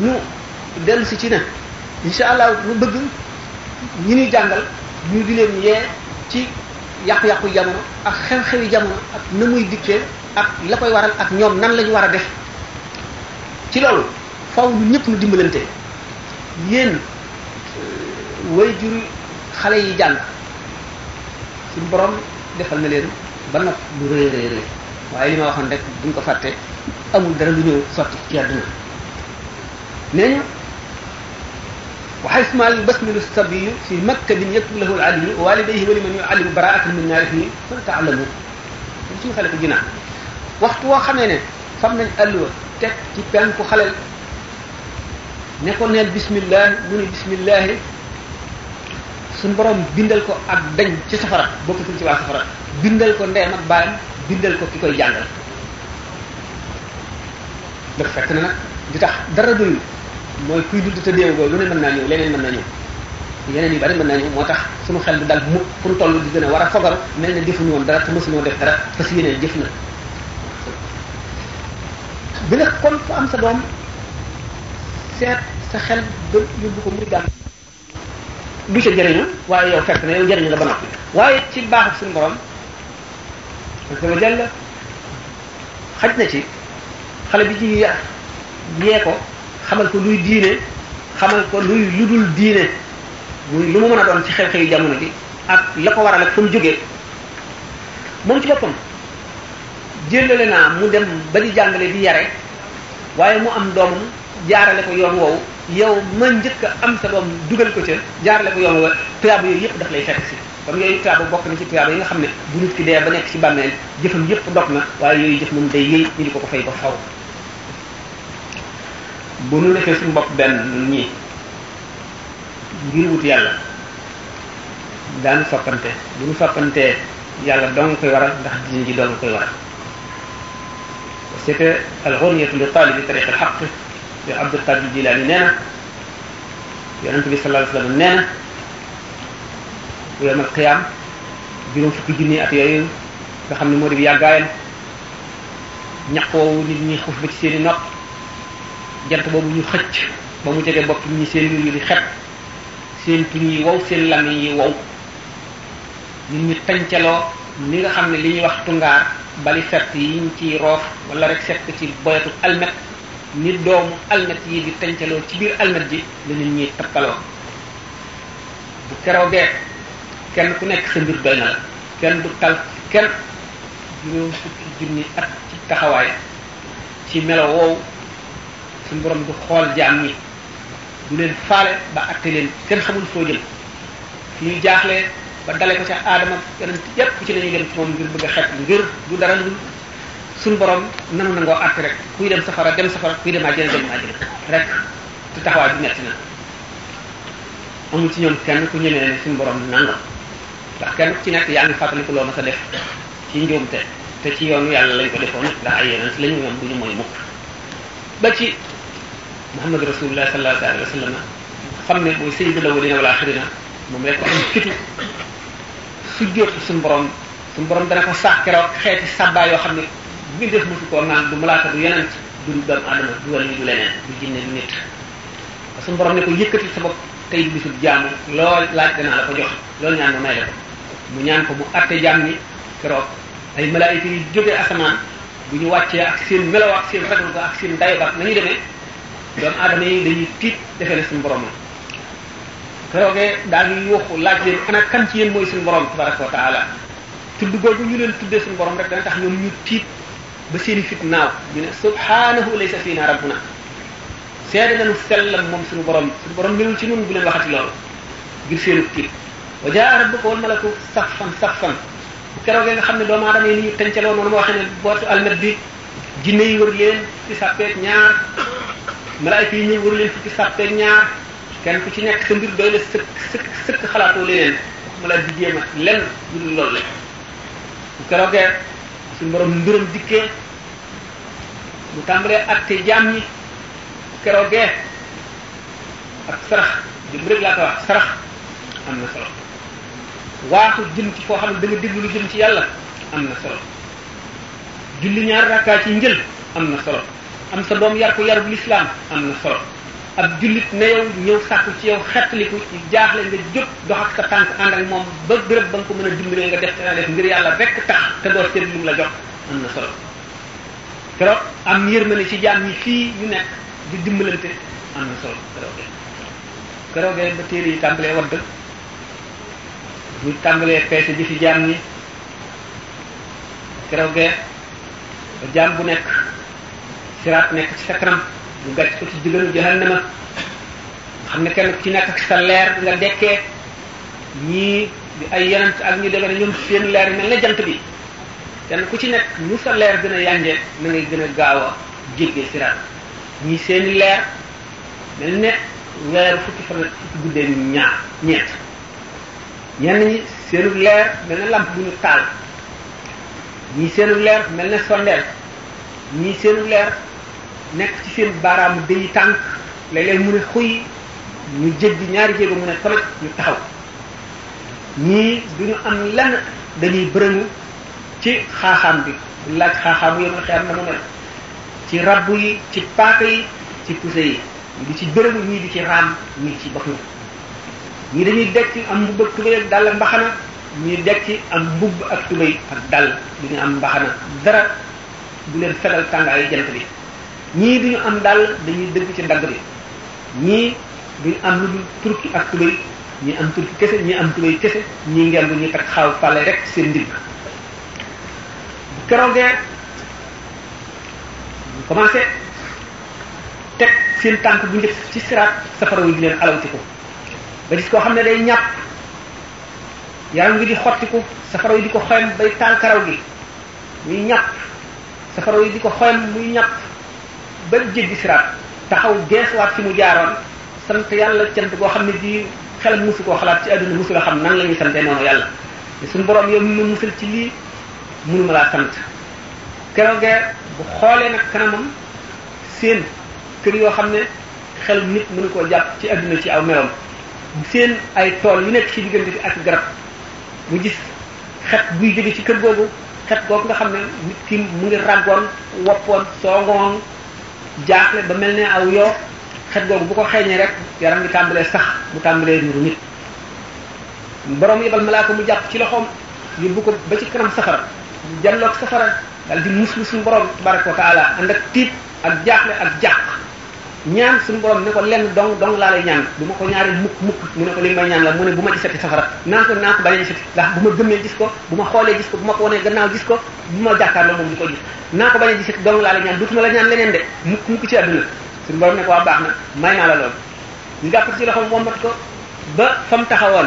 ñu dellu si ci na insha allah ñu bëgg ñi ñuy jàngal ñu di leen yee ci yàqu-yàqu jamono ak xew-xewi jamono ak na muy dikkee ak la koy waral ak ñoom nan la ñu war a def ci loolu faw ñu ñëpp ñu dimbalante yéen way juri xale yi jàng suñu borom defal na leen ba nag lu rëy rëy rëy waaye li ma waxoon rek buñ ko fàtte amul dara lu ñëw sotti ci àdduna nee ñu وحيثما يبسمل الصبي في مكتب يكتب له العلم والديه ولمن يعلم براءة من ناره فتعلموا suñu xale ko ginnaaw waxtu woo xamee ne fam nañ alluwa teg ci ku xale ne ko neel bismillah mu ne bismillahi suñ borom bindal ko ak dañ ci safara bokkatul ci waa safara bindal ko ndeyam ak baayam bindal ko ki koy jàngal dafa fekk na nag di tax dara doyul mooy kuy dund te déew lu ne mën naa ñëw leneen mën naa ñëw yeneen yu bari mën naa ñëw moo tax suñu xel bi dal mu fu mu toll di gën a war a fogal mel ne defuñu woon dara te mësuñoo def dara parce que yeneen jëf na bi nga kon ku am sa doom seet sa xel ba yóbbu ko muy gàmm du ca jëriñu waaye yow fekk na yow jëriñu la ba noppi waaye ci baax ak suñu borom azza wa jalla xaj na ci xale bi ci yee ko xamal ko luy diine xamal ko luy ludul diine muy lu mu mën a doon ci xew-xewi jamono bi ak la ko waral ak fu mu jógee moom ci boppam naa mu dem ba di di yare waaye mu am doomam jaarale ko yoon woowu yow ma njëkk a am sa doom dugal ko ca jaarale ko yoon woowu tuyaaba yooyu yëpp daf lay fekk si kon yooyu tuyaaba bokk na ci tuyaaba yi nga xam ne bu nit ki dee ba nekk ci bàmmeel jëfam yëpp dog na waaye yooyu jëf moom day yëy ñu di ko ko fay ba faw bu nu defee suñ bopp benn ñun ñii ngir wut yàlla daan soppante bu nu soppantee yàlla doo nga koy waral ndax diin ji doo nga koy waral c'était al-ghunyatu li talibi tariq al-haqq Cheikh Abdul Qadir Jilaani nee na yonent bi sallallahu alayhi wa sallam nee na yawmal qiyaam juróom fukki junni at yooyu nga xam ne moo di yàggaayam ñaq woowu nit ñi xuuf ba ci seen i jant boobu ñu xëcc ba mu jege bopp ñi seen yur yi di xet seen tuñ yi wow seen lami yi wow nit ñu tancaloo ni nga xam ne li ñuy wax tungaar bali fett yi ñu ci roof wala rek fett ci boyatu almet ni doomu almet yi di tencaloo ci biir almet ji la nit ñi tappaloo bu keroogee kenn ku nekk sa mbir doy na la kenn du tal kenn juróom fukki junni at ci taxawaay ci melo woowu suñu borom du xool jaan ñi du leen faale ba atte leen kenn xamul foo jël fi ñu jaaxlee ba dale ko ca aadama yonent yépp ci la ñuy dem ci moom ngir bëgg a xet ngir du dara lu suñu borom nanu nangoo àtt rek kuy dem safara dem safara kuy dem àjjana dem àjjana rek te taxawaay bi metti na amul ci ñoom kenn ku ñemee ne suñu borom nango ndax kenn ku ci nekk yaa ngi fàttaliku loo mas def ci njuumte te ci yoon yàlla lañ ko defoon ndax ay yeneen si la ba ci Muhammad rasulullah sallallahu alayhi wa sallam xam ne mooy sëñ bi la walina wala axirina moom rek ko am fitu su jóot suñu borom suñu borom dana ko sax keroog xeeti sàbbaa yoo xam ne mu mosu koo naan du malaaka du yeneen du doomu adama du wala du leneen du jinne du nit suñu borom ne ko yëkkati sa bopp tey bisub jaamu lool laaj danaa la ko jox loolu ñaan ma may la ko mu ñaan ko mu atte jaam ni keroog ay malaayika yu jógee asamaan bu ñu wàccee ak seen melaw ak seen ragal ko ak seen dayo baax nañu demee doomu aadama yi dañuy tiit defee ne suñu borom la keroogee daal di yuuxu laaj leen ana kam ci yéen mooy suñu borom tabaraka wa taala tudd googu ñu leen tuddee rek dana tax ñoom ñu tiit ba seeni fit naaw ñu ne subhanahu laysa fiina rabbuna seede nañu sellam moom suñu borom suñu borom melul ci ñun bu leen waxati loolu ngir seenu tiit wa jaa rabbuka wal malaku saffan saffan bu keroogee nga xam ne doomu aadama yi ni ñu tëncaloo noonu ma waxee ne bootu bi jinne yi wër leen fukki sàppeeg ñaar malaayka yi ñëw wër leen fukki ñaar kenn ku ci nekk sa mbir doy la sëkk sëkk sëkk xalaatoo leneen waxuma la di jéema lenn lu dul loolu la ci borom mbiram dikkee mu tàmbalee atte jaam ñi keroogee ak sarax jëm rek laa ko wax sarax am na solo waaxu jëm ci foo xam ne da nga déglu lu jëm ci yàlla am na solo julli ñaar rakkaa ci njël am na solo am sa doom yar ko yar bu lislaam am na solo ab jullit ne yow ñëw sàkku ci yow xettaliku ci jaaxle nga jóg dox ak sa tànk ànd ak moom ba bërëb ba nga ko mën a dimbalee nga def ngir yàlla rekk tax te doo seet lu mu la jox am na solo keroog am yërmande ci jaam yi fii ñu nekk di dimbalante am na solo keroog keroogee ba téere yi tàmbalee wadd bu tàmbalee peese ji fi jaam yi keroogee jaam bu nekk siraat nekk ci sa kanam ñu gàcc ko ci jiganu nga xam ne kenn ci nekk ak sa leer nga dekkee ñii di ay yenant ak ñu demee ñoom seen leer mel na jant bi kenn ku ci nekk ñu sa leer gën a yànje na gën a gaaw a jéggee siraat ñii seeni leer mel ne weer fukki fan fukki guddee ñaar ñeent ñenn ñi seenu leer mel na lamp bu ñu taal ñii seenu leer mel na sondeel ñii seenu leer nekk ci seen baaraamu day tànk léeg-léeg mu ne xuy ñu jéggi ñaari jéego mu ne toloj ñu taxaw ñii duñu am lan dañuy bërëngu ci xaaxaam bi duñ laaj xaaxaam yéen xeer na mu ci rabb yi ci paaka yi ci puse yi di ci bërëngu ñii di ci raam ñii ci bopp ñii dañuy dekk am mbubb ak tubéy ak dàll mbaxana ñii dekk am mbubb ak tubéy ak dàll duñu am mbaxana dara du leen fegal tàngaayu jant bi ñii duñu am dàll dañuy dëgg ci ndagg bi ñii duñu am lu dul turki ak tubéy ñii am turki kese ñii am tubéy kese ñii ngeen bu ñuy takk xaaw pale rek seen ndigg bu keroogee ñu commencé teg seen tànk bu njëkk ci siraat safara wi di leen alawtiku ba gis koo xam ne day ñàpp yaram ngi di xottiku safara yi di ko xoyam bay taal karaw gi muy ñàpp safara yi di ko xoyam muy ñàpp ba jéggi siraat taxaw geesuwaat fi mu jaaroon sant yàlla cant koo xam ne bii xel musu koo xalaat ci àdduna musu la xam nan la ñuy sante noonu yàlla suñu borom yow mi ma musal ci lii mënuma laa sant keroogee bu xoolee nag kanamam seen kër yoo xam ne xel nit mënu koo jàpp ci àdduna ci aw meloom seen ay tool yu nekk ci diggante bi ak garab mu gis xet buy jóge ci kër boobu xet googu nga xam ne nit ki mu ngi ràggoon woppoon songoon jaaxle ba mel ne aw yoo xet googu bu ko xeeñee rek yaram di tàmbalee sax bu tàmbalee nuru nit borom yebal malaaka mu jàpp ci loxoom yóbbu ko ba ci kanam safara mu safara dal di muslu suñu borom tabaraka wa taala ànd ak tiit ak jaaxle ak jàq ñaan suñu borom ne ko lenn dong dong laa lay ñaan du ma ko ñaari mukk mukk ne ko li may ñaan la mu ne bu ma gisati safara naa ko naa a gisati ma gëmmee gis ko bu ma xoolee gis ko bu ma ko wanee gannaaw gis ko bu ma jàkkaarloo moom di ko ko bañ a gisati dong laa lay ñaan dutuma la ñaan leneen de ne ko waa baax na la loolu ñu jàpp ci loxoom wombat ko ba fa mu taxawoon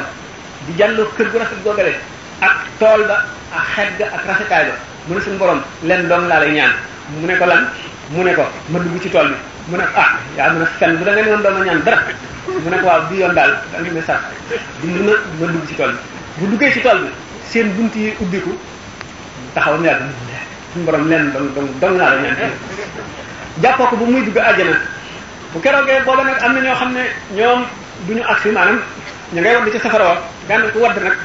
di jàlloo kër gu rafet googale ak ak xet ga ak rafetaay ba mu ne suñu borom lenn dong laa ñaan mu ko lan mu ne ko ma dugg ci tool mi mu ne ah yaa a fen bu da nga ne woon doo ma ñaan dara mu ne ko bi yoon daal da nga ne sax dund na ma dugg ci tool bi bu duggee ci tool bi seen bunt yi ubbiku taxaw mu yàgg suñu borom leen dong dong dong naa la ñaan jàppoo ko bu muy dugg àjjana bu keroogee booba nag am na ñoo xam ne ñoom bu ñu agsi maanaam ñu ngay wadd ci safara wa gànn ko wadd nag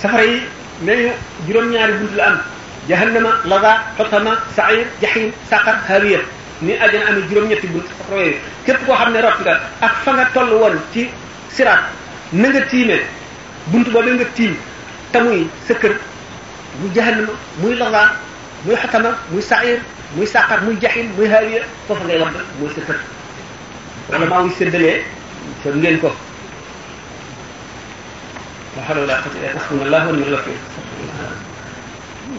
safara yi nañu juróom-ñaari bunt la am jahannama laza xotama sair jahim saqar hawiya ni àjjana amee juróom-ñetti bunt safara yooyu képp koo xam ne rot nga ak fa nga toll ci siraat na nga tiime bunt boobee nga tiim te muy sa kër muy jahannama muy lala muy xatama muy sair muy saqar muy jaxim muy haawiya foofa ngay wax mooy sa wala maa ngi séddalee seen ngeen ko wa la xasbunallahu wa ni'mal wakiil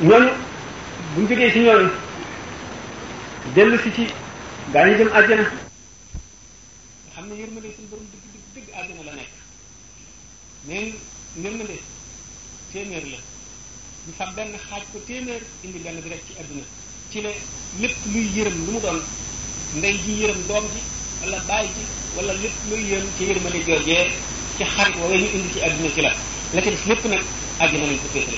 ñooñu buñu jógee ci ñooñu dellu si ci gaa ñu dem àjjana nga xam ne yërmande suñu borom dëgg dëgg dëgg àjjana la nekk mais yërmande téeméer la ñu fab benn xaaj ko téeméer indi benn bi rek ci àdduna ci ne lépp luy yërëm lu mu doon ndey ji yërëm doom ji wala bàyyi ji wala lépp luy yërëm ci yërmande joojee ci xarit woowee ñu indi ci àdduna ci la la ca des lépp nag àjjana lañ ko féetale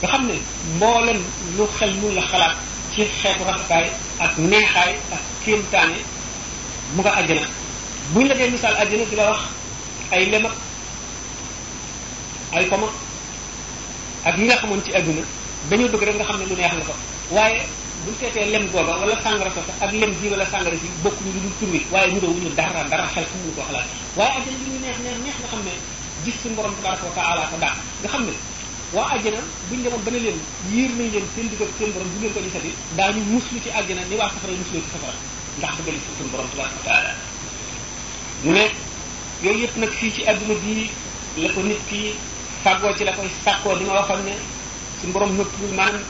nga xam ne mboolem lu xel mun la xalaat ci xeetu rafetaay ak neexaay ak kéemtaane mu nga àjjana buñ la dee misaal àjjana di la wax ay lem ay poma ak yi nga xamoon ci àdduna dañoo bëgg rek nga xam ne lu neex la ko waaye buñ seetee lem googa wala sàngara sosa ak lem ji wala sàngara si bokkuñu lu dul tur wi waaye ñu doowuñu dara dara xel fu mu ko xalaat waaye àjjana li ñu neex neex neex nga xam ne gis suñu borom tabaraka wa taala ko nga xam ne waa àjjana buñ demoon ba ne leen yiir nañ leen seen digg ak seen borom bu ngeen ko gisati daañu muslu ci àjjana ni waa safara muslu ci safara ndax bëggali si seen borom tabaraka wa taala nag fii ci àdduna bii la nit ki fàggoo ci la koy sàkkoo ne borom nëppul maanaam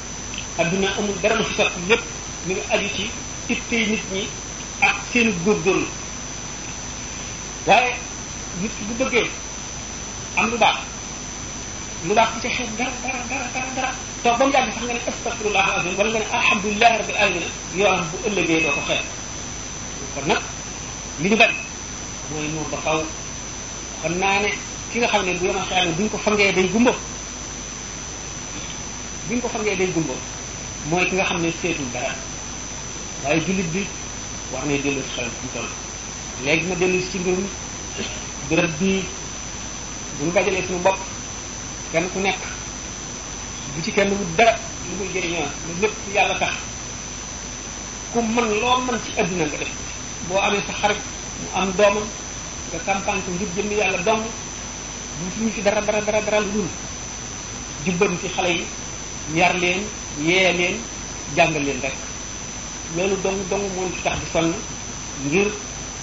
adduna amul dara lu fi sax lépp mi ngi aju ci ittey nit ñi ak seeni góor waaye nit ki bu bëggee am lu baax mu baax ci xeet dara dara dara dara dara toog ba mu yàgg sax ne astafirullah azim wala nga ne alhamdulilah rabbil alamin yoonam bu ëllëgee doo ko naa ne ki nga xam ne bu yomal xeyaame buñ ko fangee day gumba buñ ko fangee day gumba mooy ki nga xam ne seetul dara waaye jullit bi war bu toll léegi ma dellu si bu ñu dajalee bopp kenn ku nekk bu ci kenn wut dara lu muy jëriñoo lu lépp yàlla tax ku mën loo mën ci adduna nga def boo amee sa xarit mu am doomam nga campagne ko ngir jënd yàlla dong bu fi ñu fi dara dara dara dara lu dul jubbanti xale yi yar leen yee leen jàngal leen rek loolu dong dong moo ci tax di sonn ngir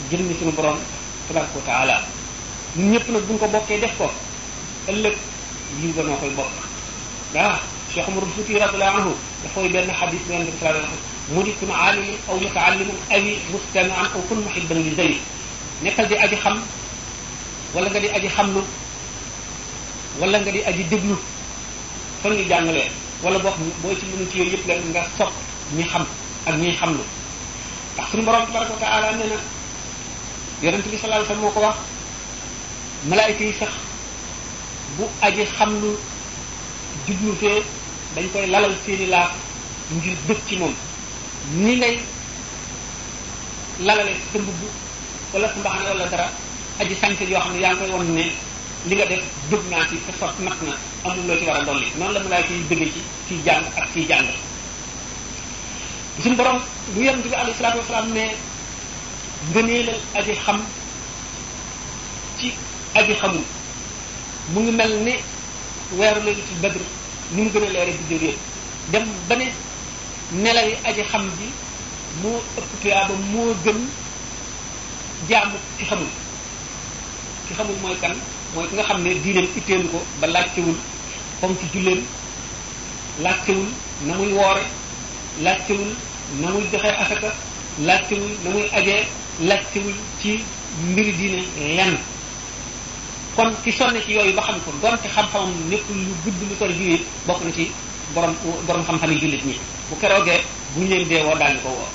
jënd suñu borom tabaraka wa taala ñun ñëpp nag buñ ko bokkee def ko ëllëg yiw ga noo koy bokk ah Cheikh Umar Fuuti radiyallahu anhu dafay benn xadis benn sallallahu alayhi wa sallam muridun aalimun aw mutaallimun awi mustami'an aw kun muhibban li zeyi nekkal di aji xam wala nga di aji xamlu wala nga di aji déglu fa ñu jàngalee wala boo boo ci mënu ci yooyu yëpp leen nga sopp ñi xam ak ñi xamlu ndax suñu borom tabaraka wa taala nee na yonent bi sallallahu alayhi wa sallam moo ko wax malaayika yi sax bu aji xam lu jublu fee dañ koy lalal seeni laax ngir bëgg ci moom ni ngay lalale sa mbubb wala sa mbaxane wala dara aji sant yoo xam ne yaa ngi koy won ne li nga def bëgg naa ci sa sot mat na amul loo ci war a dolli noonu la malaayka yi bëgg ci ciy jàng ak ciy jàng suñu borom lu yonent bi alayhi salaatu wasalaam ne ngëneelal aji xam ci aji xamul mu ngi mel ni weeru laylatul badr ni mu gën a leere biddéew yëpp dem ba ne aji xam bi moo ëpp tuyaaba moo gën jaamu ki xamul ki xamul mooy kan mooy ki nga xam ne diineem itteelu ko ba laajtewul ci julleem laajtewul na muy woore laajtewul na muy joxe asaka laajtewul na muy ajee laajtewul ci mbir diine lenn kon ki sonn ci yooyu ba xam ko donte xam-xamam nekkul lu gudd lu toll jullit bokk na ci borom borom xam-xami jullit ñi bu keroogee buñ leen dee woo daañu ko woo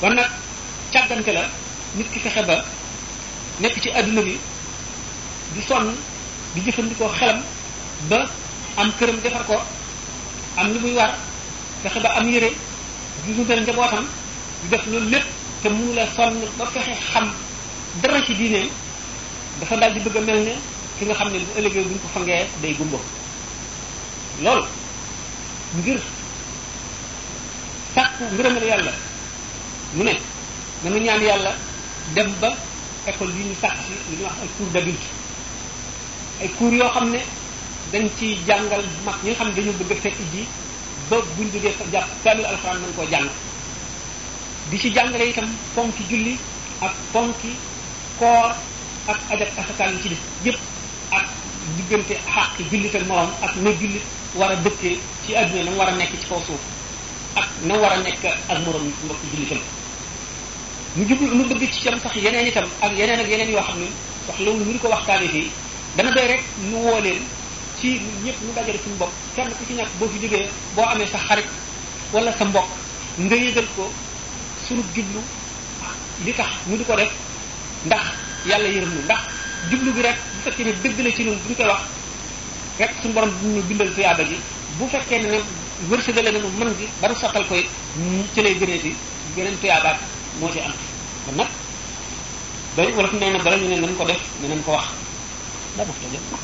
kon nag càggante la nit ki fexe ba nekk ci adduna bi di sonn di jëfandikoo xelam ba am këram defar ko am li muy war fexe ba am yére di dundal njabootam di def loolu lépp te mu la sonn ba fexe xam dara ci diineem dafa daal di bëgg a mel ne ki nga xam ne bu ëllëgee buñ ko fangee day gumba loolu ngir sàkku ngërëmal yàlla mu ne nanu ñaan yàlla dem ba ecole yi ñu sàkk si li ñuy wax ay cours d'adulte ay cours yoo xam ne dañ ci jàngal mag ñi nga xam ne dañu bëgg a fekk ji ba buñ duggee jàpp kaamil alxuraan mën koo jàng di ci jàngale itam ponki julli ak ponki koor ak ajak asakaal yi ci def yépp ak diggante xàq jullit ak morom ak na jullit war a dëkkee ci àdduna na war a nekk ci kaw ak na mu war a nekk ak morom mbokk jullitam mu jublu mu bëgg ci tam sax yeneen itam ak yeneen ak yeneen yoo xam ne wax loolu ñu ko waxtaanee fii dana doy rek ñu woo leen ci ñëpp ñu dajale suñu bopp kenn ku ci nekk boo fi jógee boo amee sa xarit wala sa mbokk nga yëgal ko suñu jublu li tax ñu di ko def ndax yàlla yërëm ñu ndax jublu bi rek bu fekkee ne dëgg la ci ñun bu ñu koy wax rek suñu borom duñu bindal tuyaaba ji bu fekkee ne wërsëgale na mu mën gi ba nu sottal koy ci lay moo ci am nag day wolof nee na bala ñu ko def ne nañ ko wax daa daf ta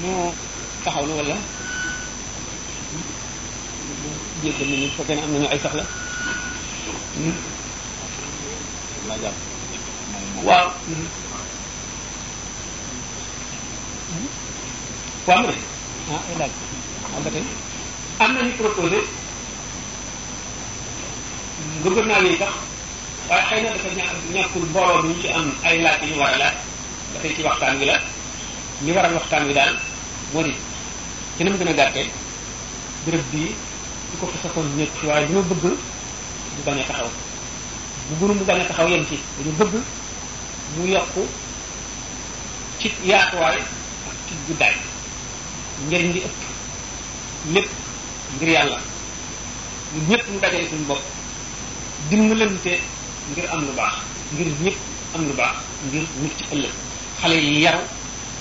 mu taxawlu wala jéggal fekkee ne am nañu ay soxla
waaw
waaw ma ne ah, am am nañu proposé gouvernement yi sax waaye xëy na dafa ña- ñàkkul mbooloo bi ñu ci am ay laaj yu ñu war a ba tey ci waxtaan wi la li waral waxtaan wi daal moo di ci na mu gën a gàttee ko fasakoon ñëpp waaye li ma bëgg du bañ taxaw bu gunu mu gën taxaw yem ci dañu bëgg mu yokk ci yaatuwaay ak ci guddaay njëriñ li ëpp lépp ngir yàlla ñun ñëpp ñu dajale suñu bopp dimbalante ngir am lu baax ngir ñëpp am lu baax ngir mucc ci ëllëg xale yi yaru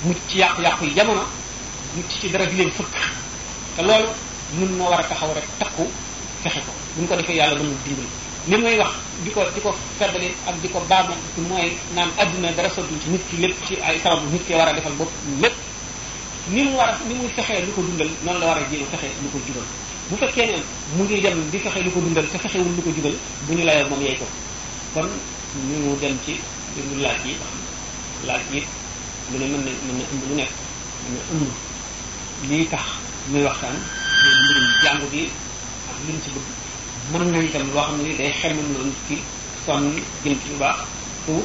mucc ci yàq yàq yi jamono mucc ci dara di leen fëkk te loolu ñun moo war a taxaw rek takku fexe ko bu ñu ko defee yàlla dana dimbali li muy wax di ko di ko feddali ak di ko baamu mooy naan adduna dara sotti ci nit ki lépp ci ay sababu nit ki war a defal bopp lépp ni mu war a ni muy fexee lu ko dundal noonu la war a jéem fexe lu ko jubal bu fekkee ne mu ngi dem di fexe lu ko dundal te fexewul lu ko jubal bu ñu layoo moom yey ko kon ñu ci lu laaj yi laaj yi lu ne mën na mën na ëmb lu nekk mën na ëmb lii tax muy waxtaan mbirum jàng bi ak li mu ci bëgg mënoon na itam loo xam ne day xelmal loolu ci sonn jëm ci lu baax ou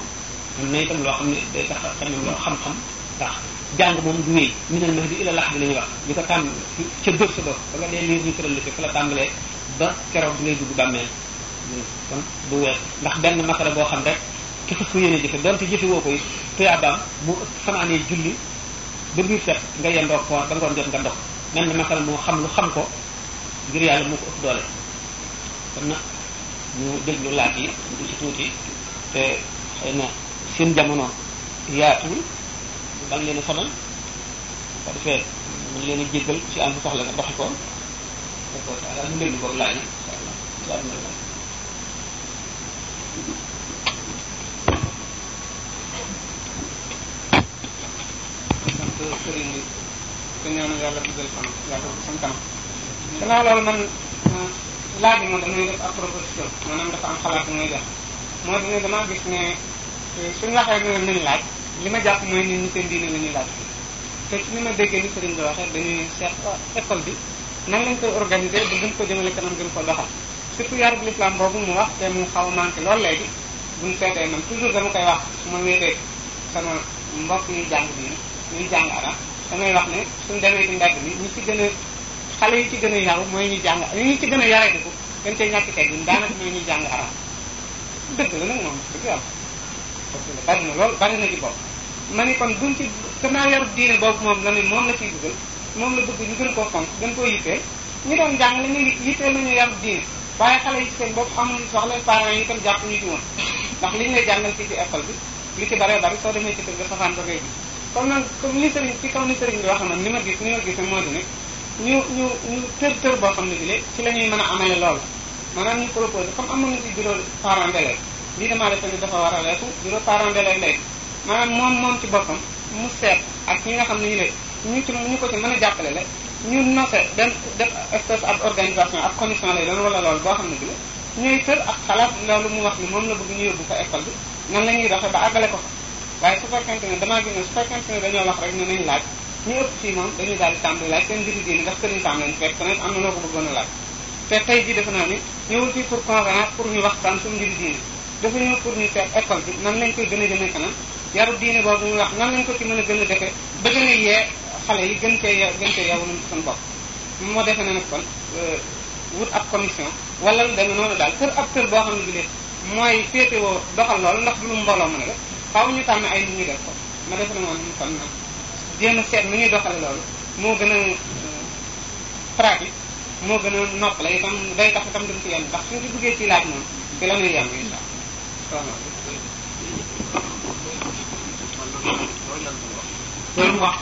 na itam loo xam ne day tax xelmal loo xam-xam ndax jàng moom du wéy ñu ne nag di ila lax bi la ñuy wax li ko tàmm ca dër sa bopp ba nga dee liir ñu tëral fi fa la tàmbalee ba keroog bi ngay dugg bàmmeel kon du ndax benn masala boo xam rek ki fas ko yéene jëfe donte jëfe woo ko it tuyaabaam mu ëpp fanaanee julli ba biir set nga yendoo koor ba ngoon jot nga ndox mel ni masala moo xam lu xam ko ngir yàlla moo ko ëpp doole kon nag ñu déglu laaj yi du ci tuuti te xëy na seen jamono yaatuwul ñu bañ leen a sonal bu ko leen a jéggal ci am soxla nga doxi ko ko taala ñu déglu ko laaj yi
laaj bi moom damay def ak proposition maanaam dafa am xalaat bu ngay def moo dina dama gis ne eh, suñu waxee noonu nañ laaj li ma jàpp mooy nit ñi seen diine la ñuy laaj te ci ni ma déggee ni sëriñ bi waxee dañuy seet ah, école bi nan lañ koy organiser ba gën ko jëmale kanam gën ko doxal surtout yarub l'islam boobu mu wax te mu xaw a manqué lool léegi buñ seetee man toujours dama koy wax su ma wéetee sama mbokk ñuy jàng diine ñuy jàng arab damay wax ne suñ demee ci bi ñu ci gën xale yi ci gën a yaru mooy ñuy jàng ñi ci gën a yaree ko gën cee ñàkk teggin mooy ñuy jàng arab dëgg la nag moom dëgg yàlla parce que bari na lool bopp ma ni kon buñ ci a yaru diine boobu moom la ni moom la ciy dugal moom la bëgg ñu gën ko fonk gën koo yittee ñu doon jàng la ñu yittee nañu yaru diine waaye xale yi ci seen bopp amuñu soxla parents yi tam jàpp ñu ci woon ndax li ñu lay jàngal fii ci école bi li ci baree bari soo demee ci kër ga safaan ba ngay gis na ni ma gis ni ma gis moo ñu ñu ñu tër tër boo xam ne bi ci la ñuy mën a amale loolu maanaam ñu proposé comme amoon na si bureau parent d'élève lii damaa defe ne dafa war a weesu bureau parent d'élève léegi maanaam moom moom ci boppam mu seet ak ñi nga xam ne ñu ne ñu ci ñu ko ci mën a jàppale la ñu nose dem def espèce ab organisation ab commission lay doon wala lool boo xam ne bi la ñooy tër ak xalaat loolu mu wax ni moom la bëgg ñu yóbbu ko école bi nan la ñuy ba àggale ko fa waaye su fekkente ne damaa gis ne su fekkente ne ñu ëpp ci moom dañuy daal di tàmbali laaj seen bitu diine ndax sëriñ saam lañ fekk tamit am te tey jii defe naa ni ñëwul fii pour conférence pour ñu waxtaan suñu mbiru diine dafa ñëw pour ñu seet école bi nan lañ koy gën a jëmee kanam yaru diine boobu ñu wax nan lañ ko ci mën a gën a defe ba gën a yee xale yi gën cee gën cee yow seen bopp moo defe na nag kon euh, wut ak commission wala lu demee noonu daal kër ab kër boo xam ne bi léegi mooy féetewoo doxal loolu ndax bu mbooloo mën a ñu tànn ay nit ñu def ko jéem a seet nu ñuy doxale loolu moo gën a euh, pratique moo gën a noppale itam day tax itam duñ ci yenn ndax suñu ci duggee ci laaj moom la ñuy yem incha allah loolu wax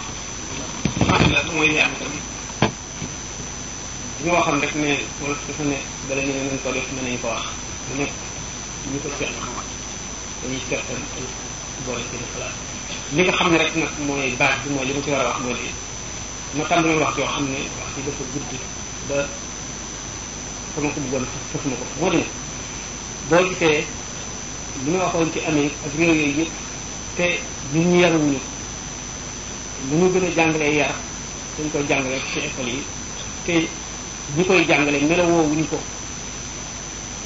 masla mooy li am tam
ñu waxoon rek ne wala dafa ne bala ñu ne nañ ko def wax du nekk ñu ko seq dañuy seqal boole li nga xam ne rek nag mooy baax bi mooy li ma ci war a wax mooy li ma tàmbaloon wax yoo xam ne wax yi dafa gudd ba fa ma ko bëggoon fas ma ko moo di boo gisee li waxoon ci Amérique ak réew yooyu yëpp gën a jàngalee yar dañ jàngale ci yi te ñi koy jàngale melowoo wuñ ko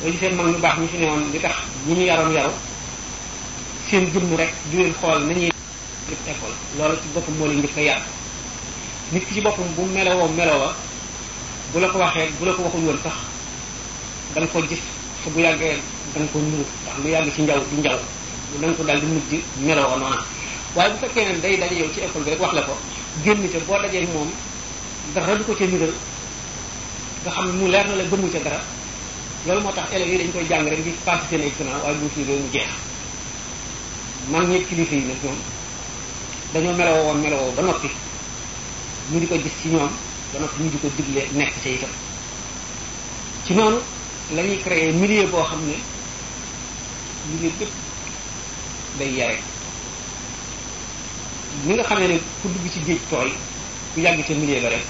boo gisee mag ñu baax ñu fi ne woon li tax ñi ñu yaroon yaru seen jëmm rek di leen xool nañuy école loolu ci boppam moo leen njëkk nit ki ci boppam bu melowoo melowa bu la ko waxee bu la ko waxul woon sax da nga ko gis te bu yàggee da nga ko nuru ndax lu yàgg ci njaw da nga ko daal di mujj meloo day daje yow ci école bi wax la ko génn ca boo dajee moom dara du ko ca niral nga xam ne mu leer na la gëmu ca dara loolu moo tax élèves yi dañ koy jàng rek di passé seen examen waaye bu fi loolu jeex man ñetti kilifa yi nag ñoom dañoo meloo woon meloo ba noppi ñu di ko gis ci ñoom ba noppi ñu di ko digle nekk ca itam ci noonu la ñuy créer milieu boo xam ne milieu bépp day yare ni nga xamee ne ku dugg ci géej tooy ku yàgg ca milieu ba rek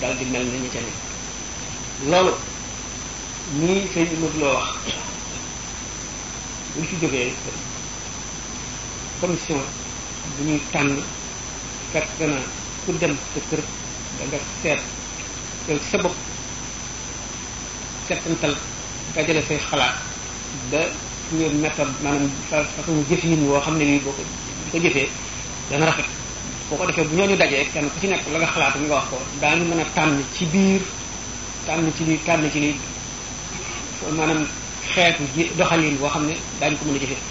daal di mel na ca ne loolu nii sëñ Modou Lo wax buñ fi jógee commission bu ñuy tànn fekk na ku dem sa kër da seet yow sa bopp seetantal dajale say xalaat ba suñu méthode maanaam façon jëfin woo xam ne nii boo ko ko jëfee dana rafet boo ko defee bu ñu dajee kenn ku ci nekk la nga xalaat nga wax ko daañu mën a tànn ci biir tànn ci lii tànn ci lii maanaam xeetu doxalin boo xam ne daañu ko mën a jëfee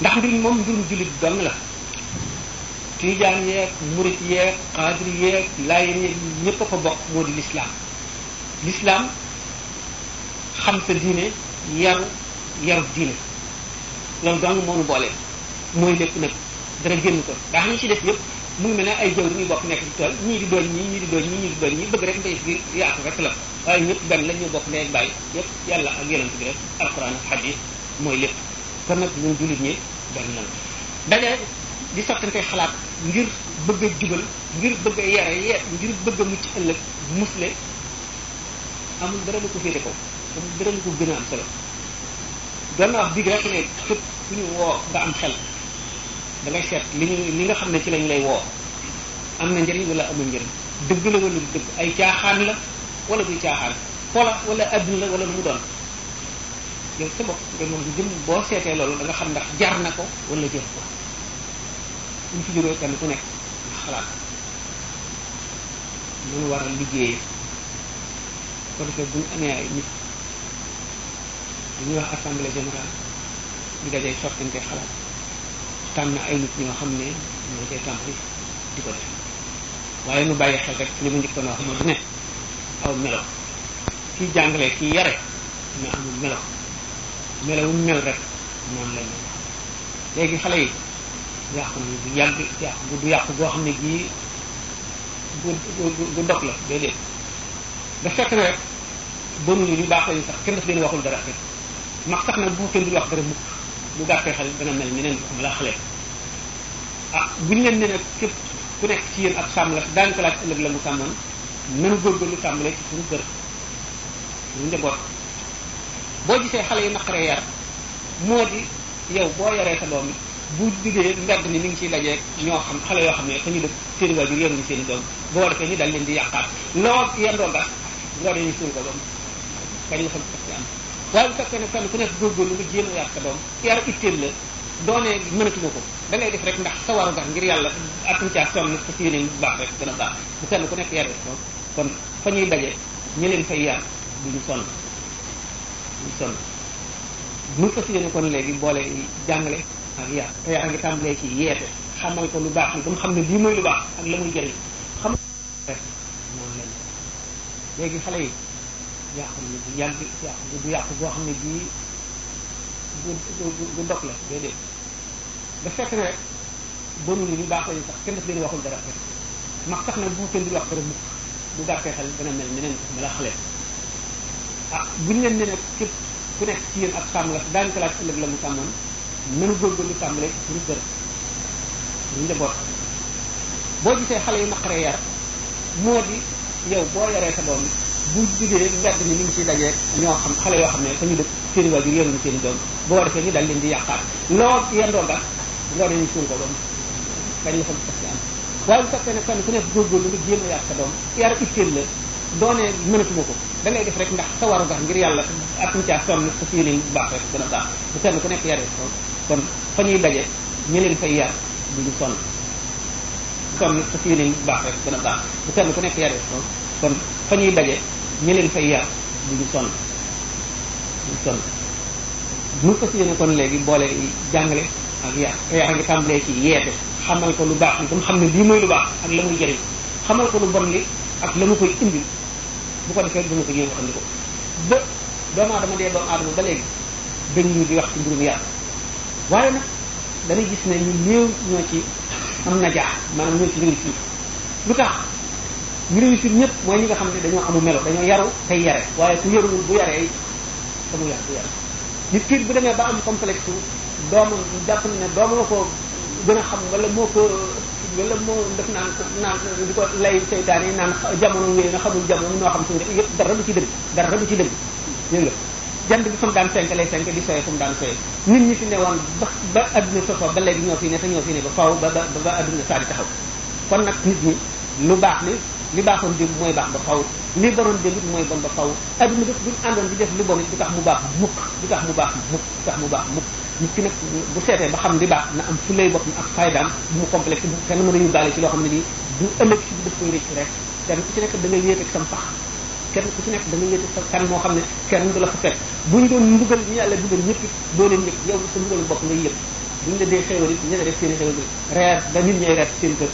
ndax mbir moom mbirum jullit dong la tiijaan yeeg murit yeeg xaadir yeeg laayeen yeeg ñépp a ko bokk moo di lislaam lislaam xam sa diine yaru yaru diine loolu dong moo nu boole mooy lépp nag dara génn ko daa xam ne ci def yépp mu ngi mel ay jaww ji ñuy bokk nekk ci tool ñii di doon ñii di doon ñii di doon ñii bëgg rek mbay bi yaatu rek la waaye ñëpp benn la bokk ndey bàyyi yépp yàlla ak yonent bi rek alquran ak hadis mooy lépp kon nag ñun jullit ñi benn lañ daje di xalaat ngir bëgg a jubal ngir bëgg a yare ye ngir bëgg a mucc ëllëg musle amul dara lu ko féete kaw amul dara ko gën a am solo doon na wax biig rek ne képp ku ñu woo nga am xel da ngay seet li ñu li nga xam ne ci lañ lay woo am na njëriñ wala amul njëriñ dëgg la wala du dëgg ay caaxaan la wala du caaxaan xola wala adduna la wala lu mu doon yow sa bopp nga moom jëm boo seetee loolu da nga xam ndax jar na ko wala jëf ko buñ fi jógee kenn ku nekk xalaat ñu war a liggéeyee ko defee buñ amee ay nit dañuy wax assemblée générale ñu dajee sottante xalaat tànn ay nit ñoo xam ne ñoo cay tàmbali di ko def waaye nu bàyyi xel rek li mu njëkkoon wax moo di ne aw melo kii jàngale kii yare na amul melo melo wu rek noonu la ñu léegi xale yi yàqu bu yàgg yàqu bu yàqu goo xam ne gii gu gu dog la déedéet da fekk ne bon yi ñu baax yi sax kenn daf leen waxul dara rek mag sax nag bu kenn dul wax dara mukk bu gàttee xel dana mel neneen waxuma ah, buñu leen ne nag ku nekk ci yéen ak sàmm la daañu ko laaj ëllëg la mu sàmmoon nanu góorgóorlu tàmbalee ci suñu kër suñu boo gisee xale yi naqaree yar moo di yow boo yaree sa doom yi bu duggee mbedd mi mi ngi ciy lajee ñoo xam xale yoo xam ne dañuy dëkk seen waajur yoruñu seen i doom boo defee ñu dal leen di yàqaat loo yendoo gas loo dañuy suul ko doom bañ la xam ci am waaye bu fekkee ne sa doom yar ittéel la doonee mënatuma ko da def rek ndax sa waru ndax ngir yàlla atum caa sonn bu baax rek gën a baax bu kenn ku nekk yar rek kon fa ñuy daje ñu leen fay yar duñu sonn duñu sonn ñu fas yéene kon léegi boole jàngale ak yaa ngi tàmbalee ci xamal ko lu baax li ba mu xam ne lii mooy lu baax ak la muy jëriñ xam moom lañ léegi xale yi yàqu nañu bu yàgg yàqu boo xam ne bii bu ndog la déedéet da fekk ne bonul yi ñu baaxoo yi sax kenn daf leen waxul dara rek ndax sax na bu kenn di wax dara mukk bu gàttee xel dana mel neneen ko mala xale ah buñu leen ne nag képp ku nekk ci yéen ak sàmm la daanaka laaj ëllëg la mu sàmmoon nañu góorgóorlu tàmbalee ci suñu kër suñu njaboot boo gisee xale yu naqaree yar moo di yow boo yaree sa doom bu duggee mbedd mi ñu ngi ciy dajee ñoo xam xale yoo xam ne fa ñu dëkk seen waajur yoruñu seen doom boo defee ñu dal leen di yàqaat loo yendoo nga loo dañu suul ko doom dañ la fa def ci am waaye ku nekk góorgóorlu nga yar sa doom yar itteel la doone mënatuma ko da ngay def rek ndax sa waru ngir yàlla ak ñu caa sonn sa fiiri baax rek gën a baax bu kenn ku nekk yaree ko kon fa ñuy daje ñu fay yar duñu sonn kon baax rek gën a baax bu ko kon fa ñuy daje ñu fay yar duñu sonn duñu sonn ñu fas yéene kon léegi boole jàngale ak yar te yar ngi tàmbalee ci yeete xamal ko lu baax li mu xam ne lii mooy lu baax ak la muy jëriñ xamal ko lu bon li ak la mu koy indi bu ko defee dana ko jéem a andi ko ba doomu aadama dee doomu aadama ba léegi dañ ñu wax ci mbirum yar waaye nag dañuy gis na ñu néew ñoo ci am na jaax maanaam ñoo ci réussir lu tax ñu réussir ñëpp mooy ñi nga xam ne dañoo amu melo dañoo yaru tey yare waaye ku yaruwul bu yaree te mu yar bu yar nit ki bu demee ba am complex doomam jàpp na ne doomam ko gën a xam wala moo ko wala moo def naan naan di ko lay seytaan yi naan jamono wéy na xamul jamono noo xam suñu def yëpp dara du ci dëgg dara du ci dëgg dégg jant bi fu mu daan fenk lay fenk di soye fu mu daan soye nit ñi fi ne woon ba ba adduna sosoo ba léegi ñoo fi ne te ñoo fi ne ba faw ba ba ba adduna saa di taxaw kon nag nit ñi lu baax li li baaxoon démb mooy baax ba faw li baroon démb mooy bon ba faw adduna def buñ àndoon di def lu bon du tax mu baax mukk du tax mu baax mukk du tax mu baax mukk nit ki nag bu seetee ba xam li baax na am fu lay bopp ak faydaam bu mu complexe bu kenn mën a ñu baale ci loo xam ne nii si bu kenn ku ci nekk da ngay wéet ak sam pax kenn ku ci nekk da nga ñetti sa kan moo xam ne kenn du la fa fekk buñ doon mbugal ñu yàlla dugal ñëpp doo leen yëg yow sa mbugalu bopp ngay yëg buñ la dee xéwal it ñu def seen i xéwal reer da nit ñay reer seen kër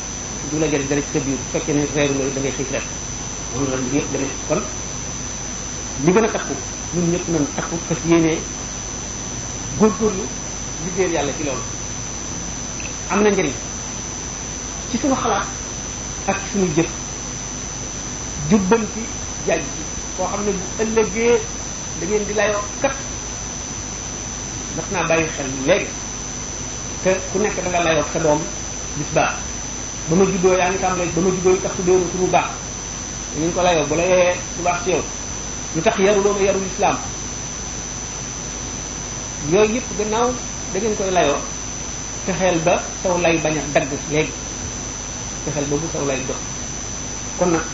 du la jël dara ci sa biir bu fekkee ne reeru loolu da ngay xiif reer moom la ñu yëpp demee kon li gën a takku ñun ñëpp nañ takku fas yéenee góorgóorlu liggéeyal yàlla ci loolu am na njëriñ ci suñu xalaat ak suñu jëf jubbanti jaaj ji koo xam ne bu ëllëgee da ngeen di layoo kat daf naa bàyyi xel léegi te ku nekk da nga layoo sa doom bis baax ba ma juddoo yaa ngi tàmbalee ba ma juddoo yi tax su doonu baax da ko layoo bu la yeyee baax ci yow tax yaruloo ma yarul islam yooyu yëpp gannaaw dangeen ngeen koy layoo fexeel ba saw lay bañ a dagg léegi fexeel ba bu lay dox kon nag